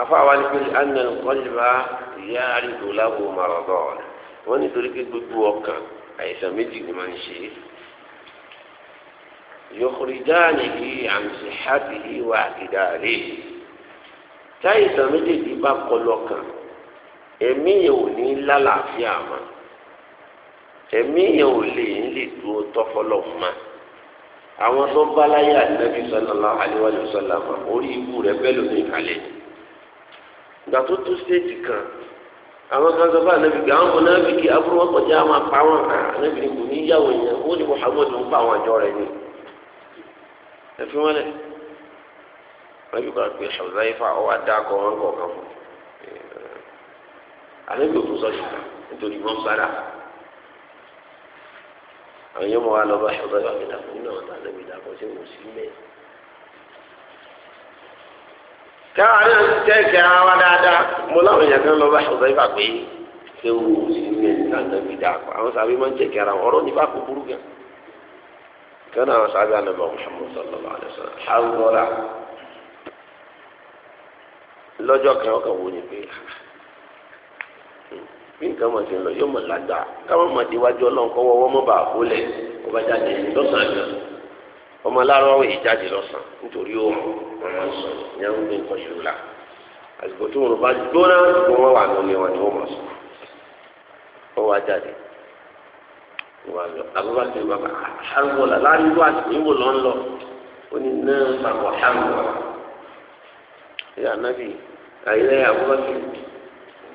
afáwa ni pé anna kọ́lìbá ìyá àrídò láwo màrọ̀dọ̀ wọ́n nítorí pé gbogbo ọkàn àìsàn méjì ni máa ń ṣe é yòkùrìdáàlì yìí àmì sí táyì ìtàn méjèèjì bá kọlọ kan ẹ̀mí yẹn ò ní lálàáfíà mọ́ ẹ̀mí yẹn ò lè ń lè dúró tọ́fọ́lọ́ mọ́ àwọn tó bá láyé ànábi sallallahu alaihi wa sallam orí ibú rẹ̀ bẹ́ẹ̀ ló ní ìkàlẹ̀ ìgbà tó tó stéèjì kan àwọn kan sọ fún ànábi gbà àwọn kan náà fi aburú wọn kọjá àwọn apá wọn kan ànábi kò ní yàwó yẹn ó ní muhammadu ń pa àwọn àjọ rẹ̀ ni ẹ fi wọn lẹ ànábì kan pé Huzaifa ọwọ́ adáko wọn kọ̀ kan fún ànábì òfin sọ́ọ̀tì kan nítorí wọn sára àwọn yẹn mọ̀ wá lọ́ba Huzaifa mi dàpọ̀ nínú àwọn ànábì dàpọ̀ sí wò sí mẹ́ẹ̀. káwọn àná tẹ́ẹ̀kì ara wa dáadáa mo láwọn èèyàn kan lọ́ba Huzaifa pé ṣé wò sí mẹ́ẹ̀ ní ànábì àwọn sábẹ́ máa ń tẹ́ẹ̀kì ara wọn ọ̀rọ̀ nípa kò burú gan. كان أصحاب النبي محمد صلى الله عليه وسلم حاول lọ́jọ́ kan ọkàn wo ni pé bí nǹkan mọ̀ sí lọ yóò mọ̀ lágbà káwọn mọ̀ déwájú ọlọ́run kọ́wọ́ wọ́n mọ̀ bá a kó lẹ̀ kó bá jáde lọ́sàn-án gan ọmọ aláàárọ̀ yìí jáde lọ́sàn nítorí oòrùn wọn máa ń sọ ní àwọn gbé nǹkan yìí la àsìkò tó wọn bá gbóná kó wọn wà lónìí wọn ni wọn mọ̀ sọ wọn wá jáde wọn lọ àbúrò àti bàbá àrùbọ̀ làlárìbọ̀ àti níbo ó ní náà bàbá àrùbọ̀ àyílẹ̀ àbúrò sí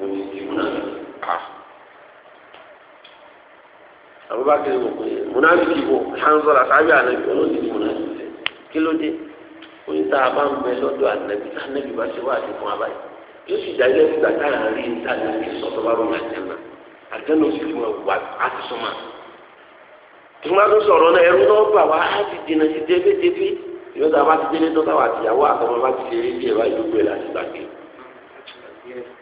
òní ti múnàbí. Abubakar wò pé múnàbí ti wò hanzọ́lá sábẹ́ ànábì olóòtú ti múnàbí sẹ́. Kí ló dé? Oní tá a bá ń bẹ lọ́dọ̀ ànábì tá ànábì bá ṣe wá àti fún abáyé. Yóò sì dájọ́ ìgbà tá à ń rí ní ànábì sọ̀tọ̀ bá rọ̀ àjẹ́nà. Àjẹ́nà ó sì fi wọn wà á ti sọ́mà. Tùmọ̀tò sọ̀rọ̀ náà ẹrú náà bà wá á ti dènà sí débédébé. Ìyọ́ta bá ti délé tó táwa àtìyàwó àtọmọ bá ti ṣeré bí ẹ̀ wá ìlú gbé láti gbàgbé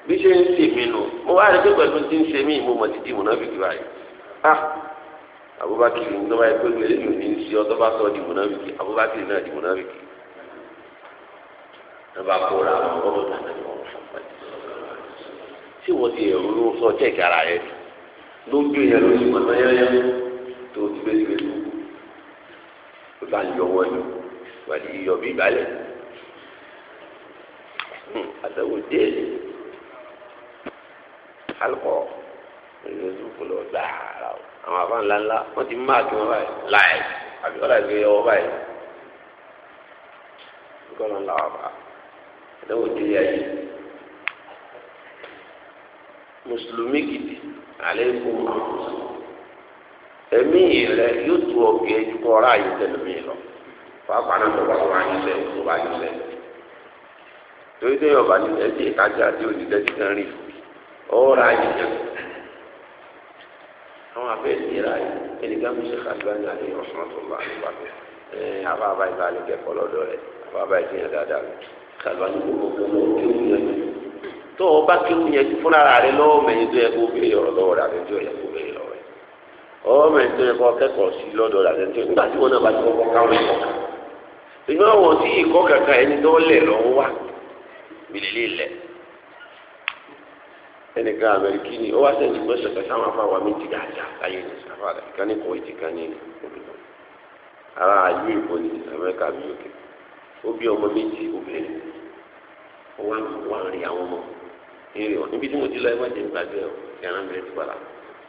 bí ṣe ń sè mí nù mo wá rí pé pẹ̀lú tí ń ṣe mí mo mọ̀ títí mùnáfíkì báyìí ah Abubakar ní tó bá yẹ pé eléyìí ò ní í ṣe ọtọ́ bá sọ di mùnáfíkì Abubakar náà di mùnáfíkì nígbà kóra àwọn ọmọ náà ní wọn fún mi tí wọ́n ti ẹ̀rú ló sọ jẹ́ẹ̀kì ara yẹn ló ń gbé yẹn ló ti mọ̀ náà yẹ́yẹ́ tó ti gbé ti gbé tó kó bá ń yọ wọ́n yọ wàlí yọ bí balẹ̀ hmm, àtẹ̀wò déèlì. kálukọ ìlú zufu lọ àwọn afa ńlá wọn ti máa kí wọn báyìí láì àbí wọn láì gbé báyìí nǹkan ló ń bá ẹdẹwò tí yà yìí mùsùlùmí gidi alẹ́ kó ẹ̀mí rẹ yóò tu ọ̀gẹ̀ kọ́ra yìí tẹ̀lé lọ pàápàá náà mo bá wà ní ilẹ̀ mo bá ní ilẹ̀ torí tẹ́yọ̀ bá ní tí ti kàn rí fún mi. ó ra àyíká àwọn abẹ́rẹ́ ti ra yìí ẹnìkan mi ṣe kàlùbáyà ní ọ̀sánàtúmbà nípa àbá àbá ìbá ní kẹ́kọ̀ọ́ lọ́dọ̀ rẹ̀ àbá àbá ìgbìyànjú dáadáa kàlùbáyà gbogbo gbogbo kéwù yẹn tó o bá kéwù yẹn fúnra rẹ̀ lọ́wọ́ mẹ́yìn tó yẹ kó béèrè ọ̀rọ̀ lọ́wọ́ rẹ̀ àbẹ́jọ́ yẹ kó béèrè lọ́wọ́ rẹ̀ ọ̀rọ̀ mẹ́yìn tó yẹ kó kẹ́kọ̀ọ́ sí lọ́dọ̀ rẹ̀ àbẹ́jọ́ nígbà tí wọn náà bá ti kọ́kọ́ káwọn ìgbà wọn tí ìkọ́ kankan ẹni tó ẹnìkan amẹ́ríkì ni ó wá sẹ́yìn ìgbọ́n ṣẹ̀ṣẹ̀ sáwọn afáwa méjì dáadáa láyé ní sáfà àdàkíkan ní kọ̀wé ti kan ní òbíkan ara àyú ìbò ní amẹ́ríkà bí òkè ó bí ọmọ méjì obìnrin ó wá wá rí àwọn ọmọ eré wọn níbi tí mo ti lọ ẹgbẹ́ gbàgbé ọ kí ara mi ti padà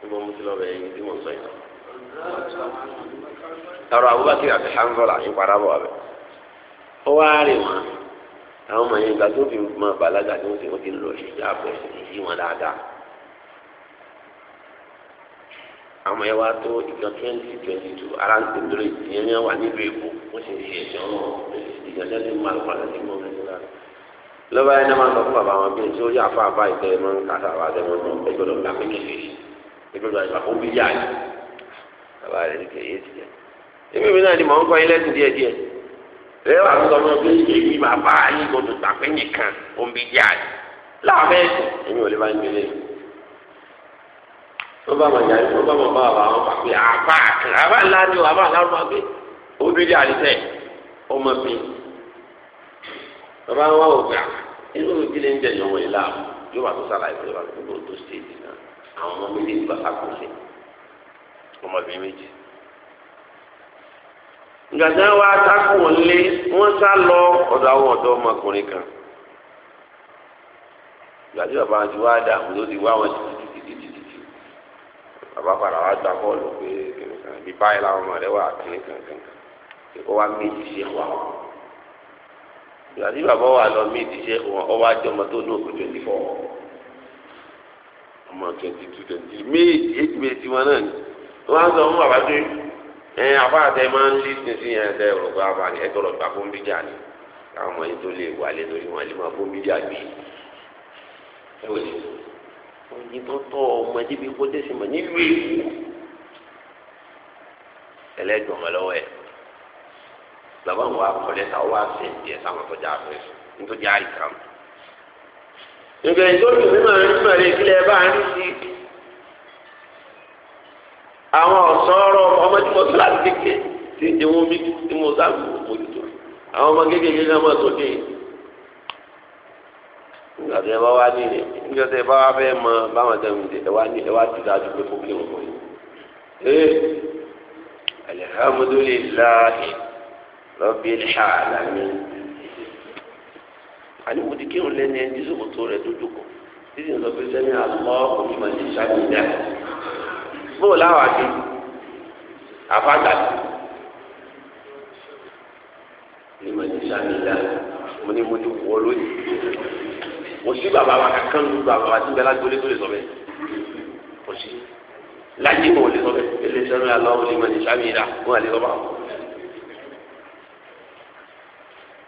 mo ti lọ bẹ ẹyin tí mo sọ yìí àti abẹ ó wá rí wọn. àwọn ọmọ yẹn gba tó fi máa bàlágà ní oṣù wọn ti lọ ṣìṣẹ́ àbọ̀ ẹ̀sìn yí wọn dáadáa àwọn yẹn wá tó ìjọ twenty twenty two ara ń tẹ̀lé ìyẹn yẹn wà nílùú èkó wọ́n sì ń ṣe ẹ̀sìn ọ̀nà ìjọba ní mọ àlùkò àti mọ ọ̀nà ìjọba lọ́ba yẹn náà máa sọ fún bàbá wọn bí tí ó yà fún àbá ìtẹ́ ẹ̀ máa ń kàtà wá tẹ́ wọn náà ẹgbẹ́ lọ́ba pé kékeré ẹgbẹ́ lọ́ba ó ẹ wà sọ fún mi pé èmi bàbá yìí kò tó tàpé nìkan òun bí díà yìí láàbẹ̀ ẹ̀sìn èmi ò lè bá ń gbélé tó bá mọ̀ jáde tó bá mọ̀ bá bàbá wọn pàpé àbá kan àbá ńlá ni o àbá ńlá ló máa gbé òun bí díà yìí sẹ́ ọmọ mi bàbá wọn ò gbà inú mi kí lè ń jẹyàn wọ̀nyí láàbù yóò wà tó sàlàyé fún wa gbogbo tó ṣe é dì náà àwọn ọmọ gbàdá wa sákùn lé wọ́n sá lọ ọ̀dọ̀ àwọn ọ̀dọ́ ọmọkùnrin kan gbàdá bàbá wọn ti wá dà wọn lórí wá wọn títítítítítí bàbá padà wá gba bọ́ọ̀lù pé kìnìkan ibi báyìí làwọn ọmọ rẹ wà kìnìkan kankan ó wá méjì sí ẹ̀kọ́ àwọn gbàdá bàbá wa lọ méjì sí ẹ̀kọ́ wọn ó wá jẹ ọmọ tó ní òkú twenty four ọmọ twenty two twenty méjì méjì wọn náà ni wọn á sọ fún bàbá tó yẹ ẹ abáàtẹ máa ń lé sísìn yẹn tẹ ọ̀rọ̀ pé abáàtẹ ẹ tọrọ gba fún bíjà ni àwọn ọmọ yẹn tó lè wà lé lórí wọn lè máa fún bíjà gbé ẹ wò ni ọyìn tó tọ ọmọ débi kó tẹsí mọ nílùú èkó ẹlẹgbọn ọmọ lọ́wọ́ ẹ bàbá wọn wà kọlẹ táwọn wà sẹńtì ẹ sáwọn tó já fún ẹ nítorí àìsàn ìgbà ìjọba ìgbìmọ̀ àrùn ìgbìmọ̀ rẹ̀ kílẹ̀ bá ń sí àwọn ọ̀sán ọmọ tí mo sọ láti kékeré tí ń jẹ wọn mi tí mo sá mójútó àwọn ọmọ kékeré náà mọ̀ tó dé nígbà tí ẹ bá wá ní ilé nígbà tí ẹ bá wá fẹ́ mọ báwọn tẹ̀ ń jẹ ẹ wá ní ẹ wá ti dájú pé kó kéwọn mọ̀ yìí. ee alihamudulilayi rabbil alamin àníwòdì kírun lẹ́ni ẹni sòkòtò rẹ̀ dúdú kọ títí nǹkan pé sẹ́ni àlọ́ òní màá ti ṣàgbéjáde bóòlù àwọn àti afagadi ní mọ̀lẹ́sà mi dá mo ní mo ti wọ lónìí mo sí bàbá wa kankan ní bàbá wa ti bẹ́ẹ̀ lágbólé tó lè sọ bẹ́ẹ̀ mo sí láyé mo lè sọ bẹ́ẹ̀ ilé sẹ́nu yà lọ́wọ́ ní mọ̀lẹ́sà mi dá mo hàn lè lọ́ bá wọn.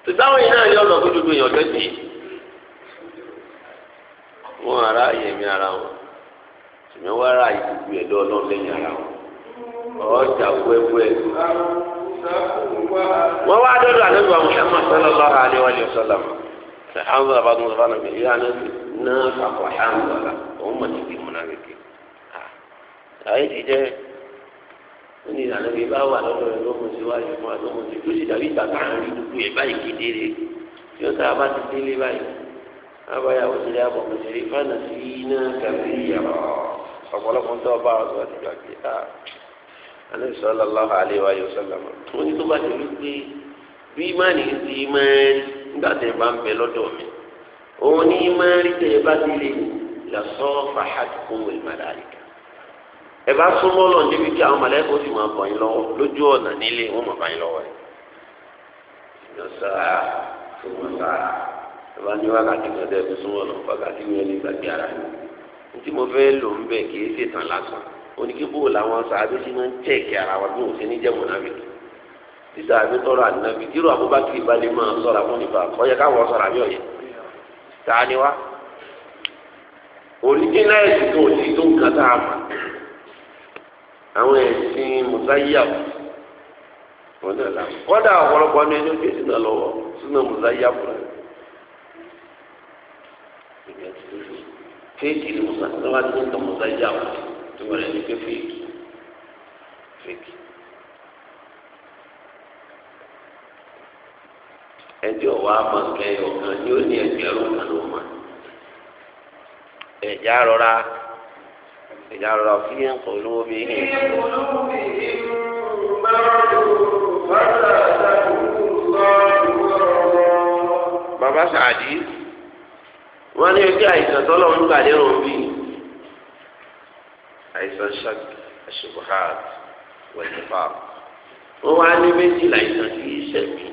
tòtáwọn yìí náà yọ ọ̀nà tó dúdú yàn tẹ́tì wọn ara yẹmi ara wọn tùmí wọn ara ìdúgbò ẹ̀dọ́ ọlọ́run lẹ́yìn ara wọn. ọjà wẹwẹ. wọ́n wá dọ́dọ̀ àlejò àwọn Muhammad sallallahu alaihi wa sallam àwọn bàbá náà òun mọ̀ níbi àyè ti jẹ́ ní ìlànà bíi bá wà lọ́dọ̀ rẹ̀ lọ́mọ sí wáyé fún sí tó sì dàbí yẹn báyìí tí ó sábà ti délé báyìí fánà sí iná ọ̀pọ̀lọpọ̀ ń tọ́ bá anabi sallallahu alaihi wa sallam tó ní tó bá ti wípé bí ìmánì ti ìmánì nígbà tẹ bá ń bẹ lọ́dọ̀ mi òun ní ìmánì tẹ bá ti lè lọsọ fàhàdùkún wèé màláìka ẹ bá súnmọ́ lọ níbi tí àwọn màláìka ó sì máa bọ̀ yín lọ́wọ́ lójú ọ̀nà nílé wọn máa bá yín lọ́wọ́ rẹ̀ lọ́sà tó ẹ bá ní wákàtí kan tẹ́ fi súnmọ́ lọ wákàtí mi ò ní gbàgbé ara mi ní tí mo fẹ́ lò ń bẹ̀ kì í ṣètàn lásán oníkébò làwọn sàbẹ sí máa ń tẹ̀kì ara wa bí òsín níjẹ́ mọ̀nàbí títà àbí tọrọ ànábì tírò Abubakar ìbálẹ̀ máa sọ̀rọ̀ àwọn nípa ọ̀yẹ káwọn sọ̀rọ̀ àbí ọ̀yẹ tá a ní wá onídìí náà ẹ̀sìn tó ní tó nǹkan tá a mọ̀ àwọn ẹ̀sìn mùsáyàwó wọn náà là kọ́dà ọ̀pọ̀lọpọ̀ ní ẹni ojú ìsìn náà lọ́wọ́ sínú mùsáyàwó rẹ̀ kéèkì ni mùsáyàwó ìtumọ̀ rẹ̀ ní pé fèèkì fèèkì. ẹjọ́ wa mọ̀ kẹyọ̀ kan ni ó ní ẹgbẹ̀rún kan ló mọ̀ ẹ̀já rọra ẹ̀já rọra fi hàn kọ́ lówó mi. bàbá sàdí wọ́n ní ojú àìsàn tọ́lọ́ ń gbà lérò bíi àìsàn ṣak àṣubuhat wẹ̀lẹ́fà wọ́n wá ní méjìlá ìtàn kì í ṣẹ̀mí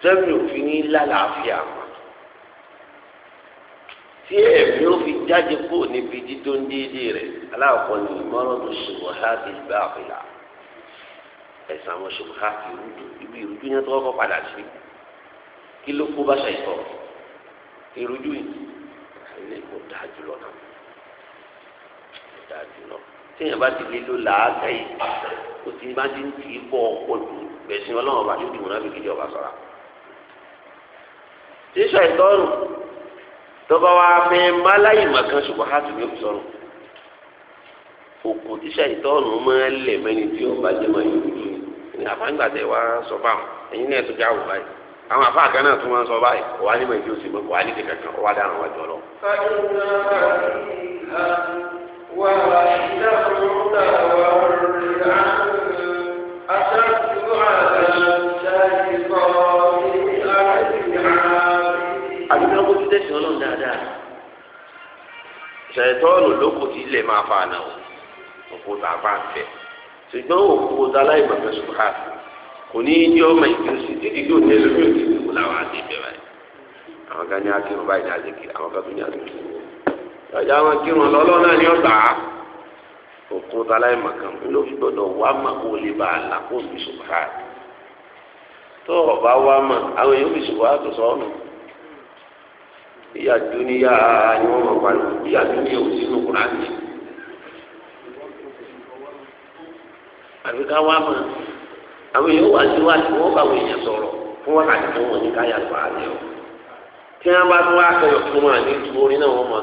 tẹ́mi òfin ní lálàáfíà mọ́ tí ẹ̀mí ó fi jáde kó níbi dídó ń déédéé rẹ̀ aláàkọ́ ni ìmọ̀ràn tó ṣubuhat ìgbà àfìlà ẹ̀sán àwọn ṣubuhat ìrújú ibi ìrújú yẹn tó kọ́kọ́ padà sí kí ló kó bá ṣàìsàn ìrújú yìí ilé kò dáa jùlọ náà dáa jùlọ téèyàn bá ti lé ló làákà yìí ó ti bá ti ń tì í bọ̀ ọ̀pọ̀ jù bẹ̀sìn ọlọ́run ọba yóò dìbò náà fi kéde ọba sọ̀ra. tíṣà ìtọ́rùn tọ́ba wa fẹ́ máláyì màkan ṣùgbọ́n hàtù ní òkùsọ̀rùn òkú tíṣà ìtọ́rùn máa ń lẹ̀ mẹ́ni tí ọba jẹ́ máa yọ ojú ni àfáàgbà tẹ wá sọ báwọn ẹ̀yin náà tó já wò báyìí àwọn àfáà kan náà tún máa ń sọ báyìí kò wá ní mọ̀ ìdí òsì mọ́ kò ní kékeré kan kò wá wájú ọlọ́run tẹ̀sán ọlọ́run dáadáa ṣàìtọ́ọ̀nù lóko tí ilẹ̀ máa fa àná òkúta àbáǹfẹ̀ ṣùgbọ́n òkúta aláìmọ̀fẹ́ ṣùgbọ́n kò ní í jẹ́ ọmọ ìgbésí títí tó tẹ̀ lórí òtítù làwọn àti ìbẹ̀rẹ̀ àwọn kan ní akérò báyìí ní àjẹkì àwọn kan tó ní àjẹkì. ọjà wọn kírun lọ́lọ́ náà ní ọ̀gbà òkú taláyé màkàn ló fi gbọdọ̀ wá mà kó lè bá a là kó fi ṣùgbọ́n tó ọba wá mà àwọn èèyàn fi ṣùgbọ́n a sọ ọ́nà ìyá dúníyà ni wọ́n mọ̀ pariwo ìyá dúníyà ò sínú kúránì àfi ká wá mà àwọn èèyàn bá àwọn èèyàn sọ̀rọ̀ fún wákàtí tó ní àlẹ́ o tí wọ́n bá tún wá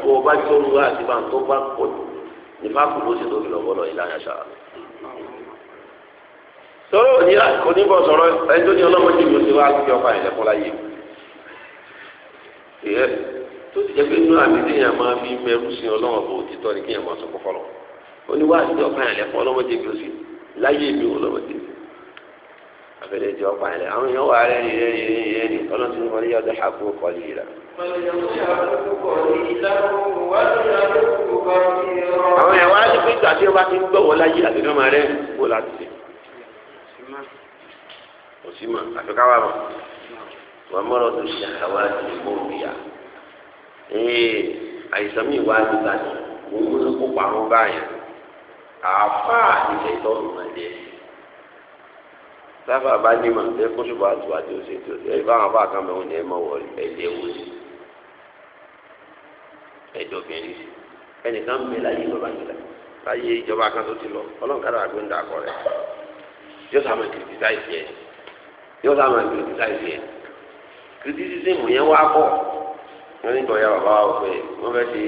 bó o bá tó ń wá àti bá ń tó bá pọ̀ jù nípa kò ló sì tóbi lọ́wọ́ lọ ìlànà ṣáà. sọ̀rọ̀ òní oníbọ̀ sọ̀rọ̀ ẹni tó ní ọlọ́mọdé mi ò ti wá sí ọkọ àyẹ̀lẹ̀ fún láyé. ìyẹn tó ti jẹ́ pé inú àmì tí èèyàn máa fi mẹ́rù sí ọlọ́wọ́n bò òtítọ́ ni kéèyàn máa sọ kọ́kọ́ lọ. oníwà àti ọkọ àyẹ̀lẹ̀ ọlọ́mọdé mi ò láyé mi ọlọ́mọdé mi àfẹlẹ jẹ ọpa ẹlẹ àwọn èèyàn wà rẹ ní rẹ ní rẹ ní ọlọ́run tí wọ́n yọ ọdún àpò kọ́lì yìí la. àwọn èèyàn wá ní pé ìgbà tí wọ́n bá ti ń gbọ̀wọ́ láyé àtẹnudọ́ máa rẹ kó láti ṣe. kò sí mọ àfi wà mọ wọn mọ̀rọ̀ tó ṣe àwa ti mọ òbíya ee àìsàn mi wá nígbà tí mo mú kó pa àwọn báyà àáfàá ìṣẹ̀tọ́ ìmọ̀lẹ́ yìí sábà bá ní mọ̀ pé kó ṣùgbọ́n àti wájú ṣe tó ṣe ẹ báwọn bá kan mẹ́wọ́n ni ẹ mọ̀ wọ̀ ẹ̀dẹ̀ wò sí ẹ̀dẹ̀ obìnrin sí ẹnìkan ń bẹ láyé ìjọba nílẹ̀ láyé ìjọba kan tó ti lọ ọlọ́nkàdà àgbẹ̀ ń dàkọ rẹ̀ yóò sàmà kìrìtìsáìsì ẹ̀ yóò sàmà kìrìtìsáìsì ẹ̀ kìrìtìsísìmù yẹn wá bọ̀ wọ́n ní bọ̀yá bàbá wa pé wọ́n fẹ́ ṣe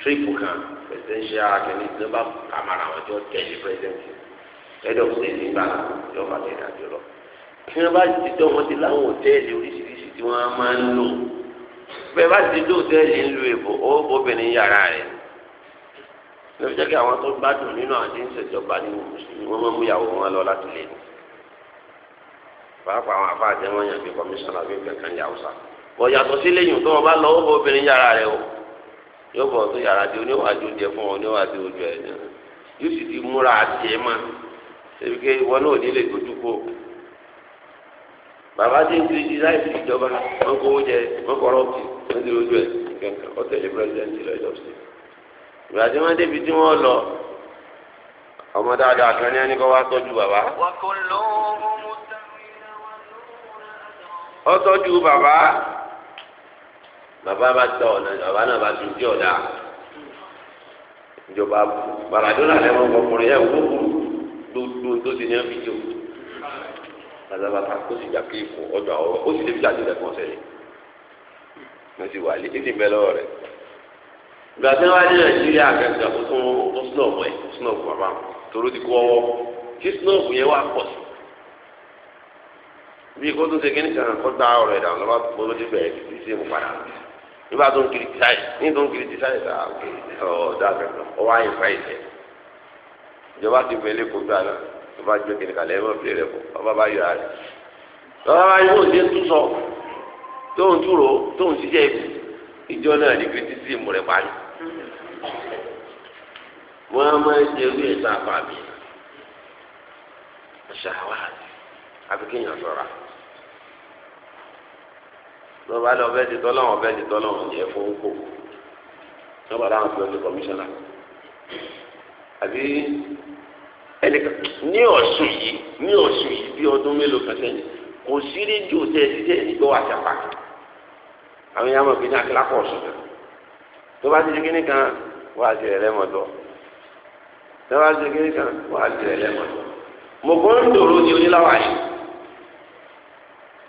tírípù kan presidential kẹ́mí ló bá kàmàrà àwọn tó tẹ̀lé president ẹdọ ṣe nígbà tí ọba tẹ ìrìnàjò lọ tí wọn bá ti dọ wọn ti láwọn òtẹ́ẹ̀lì oríṣiríṣi tí wọn máa ń lò bẹ́ẹ̀ bá ti dọ òtẹ́ẹ̀lì ń lu èbò ó bóbìnrin yàrá rẹ lọ jẹ́ kí àwọn tó gbádùn nínú àti ń ṣèjọba nínú mùsùlùmí wọn máa ń múyàwó wọn lọ láti lè ní pàápàá àwọn àfa àjẹmọ yẹn bí kọmíṣánná bí kankan yà ọsà wọ́n yàtọ̀ sí lẹ́yìn tó wọn bá lọ ó bọ obìnrin yàrá rẹ o yóò bọ̀ tó yàrá di oníwàjú jẹ fún ọ oníwàjú ojú ẹ yóò sì ti múra àti ẹ máa ebi ke wọn náà ní lè dojú kó bàbá tí ń kiri di láìsí ìjọba wọn kó oúnjẹ wọn kọ rọọkì wọn ti rojú ẹ kankan ọtẹlẹ pírẹsidẹnti lọ ìjọsìn ìgbà tí wọn débi tí wọn lọ ọmọ dáadáa kan ní ẹni kó wá tọ́jú bàbá. ó tọ́jú bàbá bàbá bá tọ ọ̀nà bàbá náà bá tún jẹ́ ọ̀dà ìjọba Maradona lẹ́wọ̀n ọkùnrin ẹ̀ wọ́n gbogbo tó ti ní ẹbí tó azabata kó sì jà kí ìfò ọdún àwọn ó sì lè fi jáde lẹ́kọ̀ọ́ sẹ́yìn ló ti wà lé títí bẹ́ẹ̀ lọ́wọ́ rẹ̀ ìgbà tí wọ́n á ní nàìjíríà gàgà tó tún tó snọ̀bù ẹ̀ snọ̀bù bàbá toró ti kó ọwọ́ kí snọ̀bù yẹn wà pọ̀ sí bí kó tó ṣe kí nìkan kó gba ọ̀rọ̀ ẹ̀dá lọ́wọ́ tó tó ti bẹ̀rẹ̀ títí sí ìmúpadà nígbà tó ń kiri tíṣáì ní tó ń kiri tíṣáì ta ọ̀dà gàgà ọwọ́ àyè fáyì tẹ̀ ìjọba ti fẹ́ lẹ́kọ̀ọ́ gbà náà tó bá jẹ́ kìnìkan lẹ́yìn mọ́ fìlẹ̀ rẹ̀ kọ́ ọba bá yọ àrẹ. lọ́wọ́ bá yọ òde tún sọ tóun dúró tóun ṣiṣẹ́ ìjọ náà ní kìrìtìsìmù rẹ̀ parí. wọ́n á máa ń ṣe ewé ìta àfàmì ṣàwá àfi kéèyàn ṣọ́ra. lọ́wọ́ bá lọ bẹ́ẹ̀ ti tọ́ lọ́wọ́ bẹ́ẹ̀ ti tọ́ lọ́wọ́ yẹ fún kò lọ́wọ́ bá dáhùn sí ọdún kọmíṣánná àbí ẹnìkan ní ọ̀sùn yìí ní ọ̀sùn yìí bí ọdún mélòó kan sẹ́yìn kò sí rédíò tẹ́ ẹ ti tẹ́ ẹ ní gbọ́ àjàpá àwọn yàrá máa fi ní akílákọ̀ ọ̀sùn kan tó bá ti di kíní kan wàá ti rẹ̀ lẹ́mọ̀dọ́ tó bá ti di kíní kan wàá ti rẹ̀ lẹ́mọ̀dọ́ mo kọ́ ń dòrò ní oníláwà yìí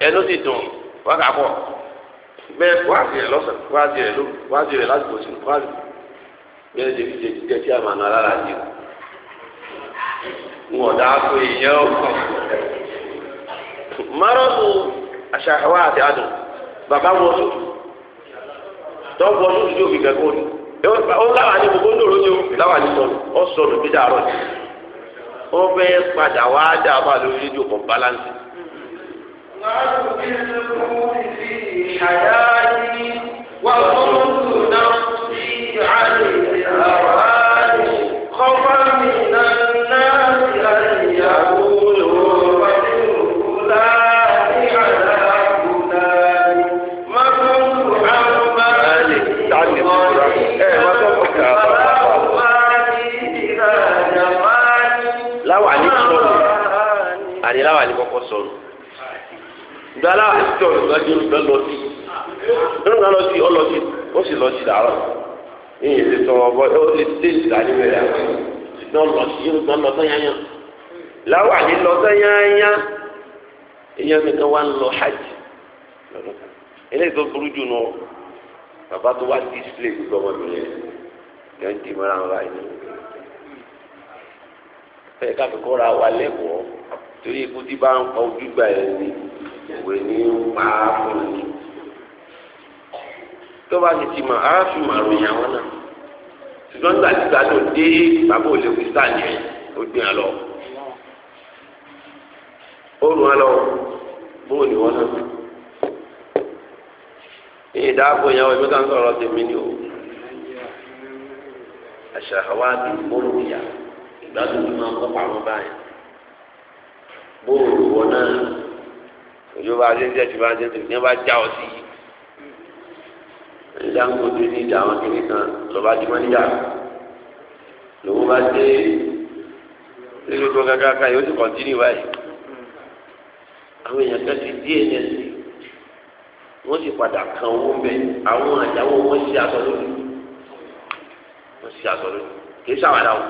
ẹnu ti dùn wákàkọ́ bẹ́ẹ̀ wàá ti rẹ̀ lọ́sàn wàá ti rẹ̀ lóru wàá ti rẹ̀ lásìkò sínú wàá ti rẹ̀ bẹ́ẹ̀ ti di jẹ́ kí a máa nà lára yìí. wọn dàá kó ìyẹn o. márùn-ún aṣàwá àti adùn bàbá wọn tó tọ́ bọ́ ní ìdílé òbí gẹ́gẹ́ òní. ó gbogbo ní òrójú láwà ní sọnù ó sọnù bí ni. wá wàá bí ẹni tó fi yìí ìgbà aláwọ̀ àti ìjọ ìgbàdí olùgbà lọ sí nínú náà lọ sí ọ lọ sí ó sì lọ sí dàárọ̀ ìyìn ti sọ ọbọ ó lè dé ìgbà ní mẹ́rin àwọn ìgbà lọ sí yóò gbà lọ sọyányá láwọ̀ àti lọ sọyányá èèyàn mi kan wá ń lọ hajj lọ́dọ̀ tó burú jù nù bàbá tó wá display gbọmọbìnrin yẹn ń di mọ́ra wọn báyìí fẹ́ẹ́ káfíńkọ́ra wà lẹ́kọ̀ọ́ torí ikú tí bá ń pa ojú gbà yẹn ni òwe ní pa á fún mi tó bá ti ti mọ aráàfin màròyìn àwọn náà ṣùgbọ́n gbàdúgbà tó dé bàbá òlé wíṣà yẹn ó dín àlọ́ ó rùn àlọ́ bóò ní wọn náà ní ìdáàbò yẹn wọn ẹgbẹ́ kan sọ̀rọ̀ tèmi ni o àṣàwádìí bóòlùyà ìgbàdùn ní máa ń kọ́ pamọ́ báyìí bóòlù wọn náà òjò bá ṣe ń jẹ́ tí bá ṣe ń tẹ̀ ní bá já ọ sí i. ẹ̀yà ń kojú ní ìjà àwọn kìnnì kan lọ́ba jí máa ń yà lówó bá dé nínú tó gàgà ká yóò ti kọ̀ntínú báyìí. àwọn èèyàn kan ti díẹ̀ ní ẹ̀sìn wọ́n sì padà kan owó mbẹ́ àwọn àyàwó wọn ṣe aṣọ lónìí wọ́n ṣe aṣọ lónìí kì ṣàwádà wọn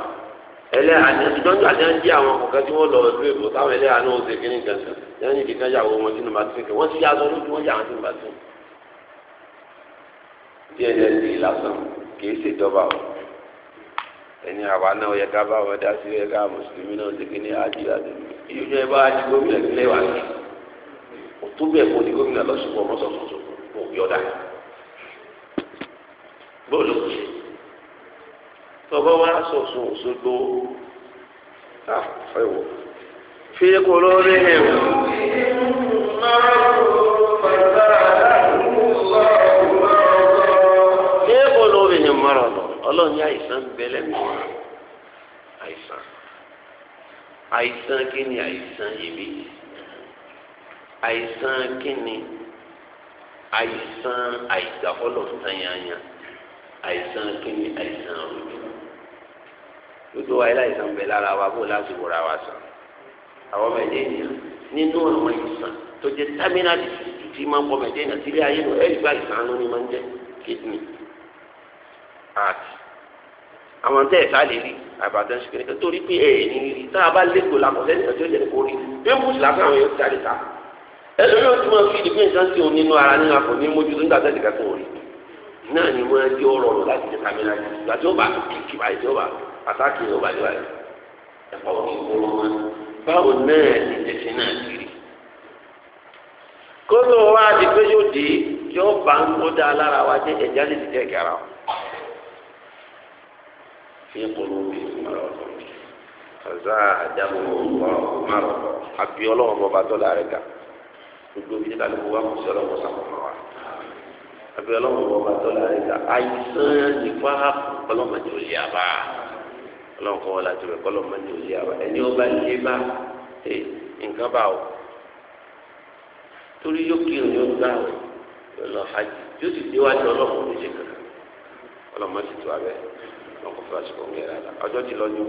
ẹlẹ́ àjẹjọ́ àjẹjọ́ àwọn kọ̀ọ̀kan tí wọ́n lọ ọdún èbó táwọn ẹlẹ́ àánú ọ̀sẹ̀ kìnnìkan sọ̀rọ̀ yẹn níbi kan yàwó wọn sínú màtíríkì wọn sì yàtọ̀ lójú wọn yàwọn sínú màtíríkì. díẹ̀ díẹ̀ sí ìlàsàn kì í sì dọ́bà o ẹni àwa náà yẹ ká bá wọn dá sí yẹ ká mùsùlùmí náà ṣe kí ní àjì àti ìyójú ẹ bá àjì gómìnà sílẹ̀ wà ní. òtún bẹ́ẹ̀ kó ní gómìnà lọ sí ọmọ sọ̀tún kò yọ̀dà. bóòlù kù sí tọ́gbọ́n wá sọ̀tún òṣogbo. ah fẹ́ wọ̀. في قلوبهم في قلوبهم مرض ọlọ́run ní àìsàn ọrụ ọrụ ọrụ àìsàn àìsàn kí ni àìsàn ibi àìsàn kí ni àìsàn àìgbàfọ́lọ̀ tanyanya àìsàn kí wa ilé àìsàn bẹ́ẹ̀ lára wa bó láti wòra wa sàn. àwọn ọmọ ẹdẹ ènìyàn nínú àwọn ìsàn tó jẹ terminal disease tí máa ń bọ ọmọ ẹdẹ ènìyàn sílé ayé lọ ẹyìn bá ìsànú ni máa ń jẹ kidney heart àwọn tẹ ẹ̀ka lè rí àbàdàn ṣùgbọ́n ẹ̀ka torí pé ẹ̀ ní rí tá a bá lẹ́kọ̀ọ́ làkọ̀tẹ́ nìkan tí ó jẹ́ kó rí pimples làkàn àwọn yóò jáde ta ẹlòmíràn tí wọ́n fi ìdígbé nǹkan sí òun nínú ara nínú àpò ní mójútó nígbà tẹ́lẹ̀ kan tó rí náà ni wọ́n jẹ́ ọ̀rọ̀ rọ̀ láti jẹ́ kàmínà ìgbà tí ó bá kíkì báyìí tí ó bá àtàkì ó bá dé báyìí ẹ̀fọ́ òní ìgboro wọn. báwo náà ni tẹ̀sí náà ti rí wa di pé yóò di yóò bá ń kó lára wa jẹ ẹ̀já lè ti gara o fi kúrú bí ọzọ ọ̀zá àdàmú ọ̀gbọ́n mọ̀rọ̀ àbí ọlọ́wọ́ bọba tó la rẹ̀ ga gbogbo bí kálukú wa kò sí ọlọ́wọ́ àbí bọba tó la ga la ga. ọlọ́run kọ́ wọlé àjọyọ̀ kọ́ lọ́mọ ní òye àwa ẹni ọba lé bá ẹ nǹkan bá o torí yóò kírun yóò gbà o yóò lọ hajj yóò sì déwájú ọlọ́run ní ṣe kankan ọlọ́mọ sì tó abẹ wọn kò fẹ́ àṣìkò ńlẹ̀ rárá ọjọ́ ti lọ́jọ́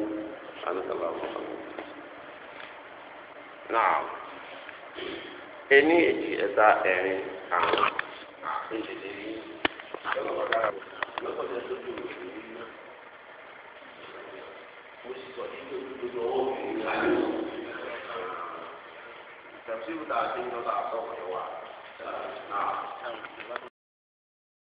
ànúkàlà ọmọ kan. náà ení èjì ẹ̀ta ẹ̀rin àrùn ìṣèlérí ọlọ́wọ́ dára lọ́kọ̀ọ́jọ́ tó dùn. 不是说研究研究哦，你看，像最大的、最小的，小友啊，啊，像。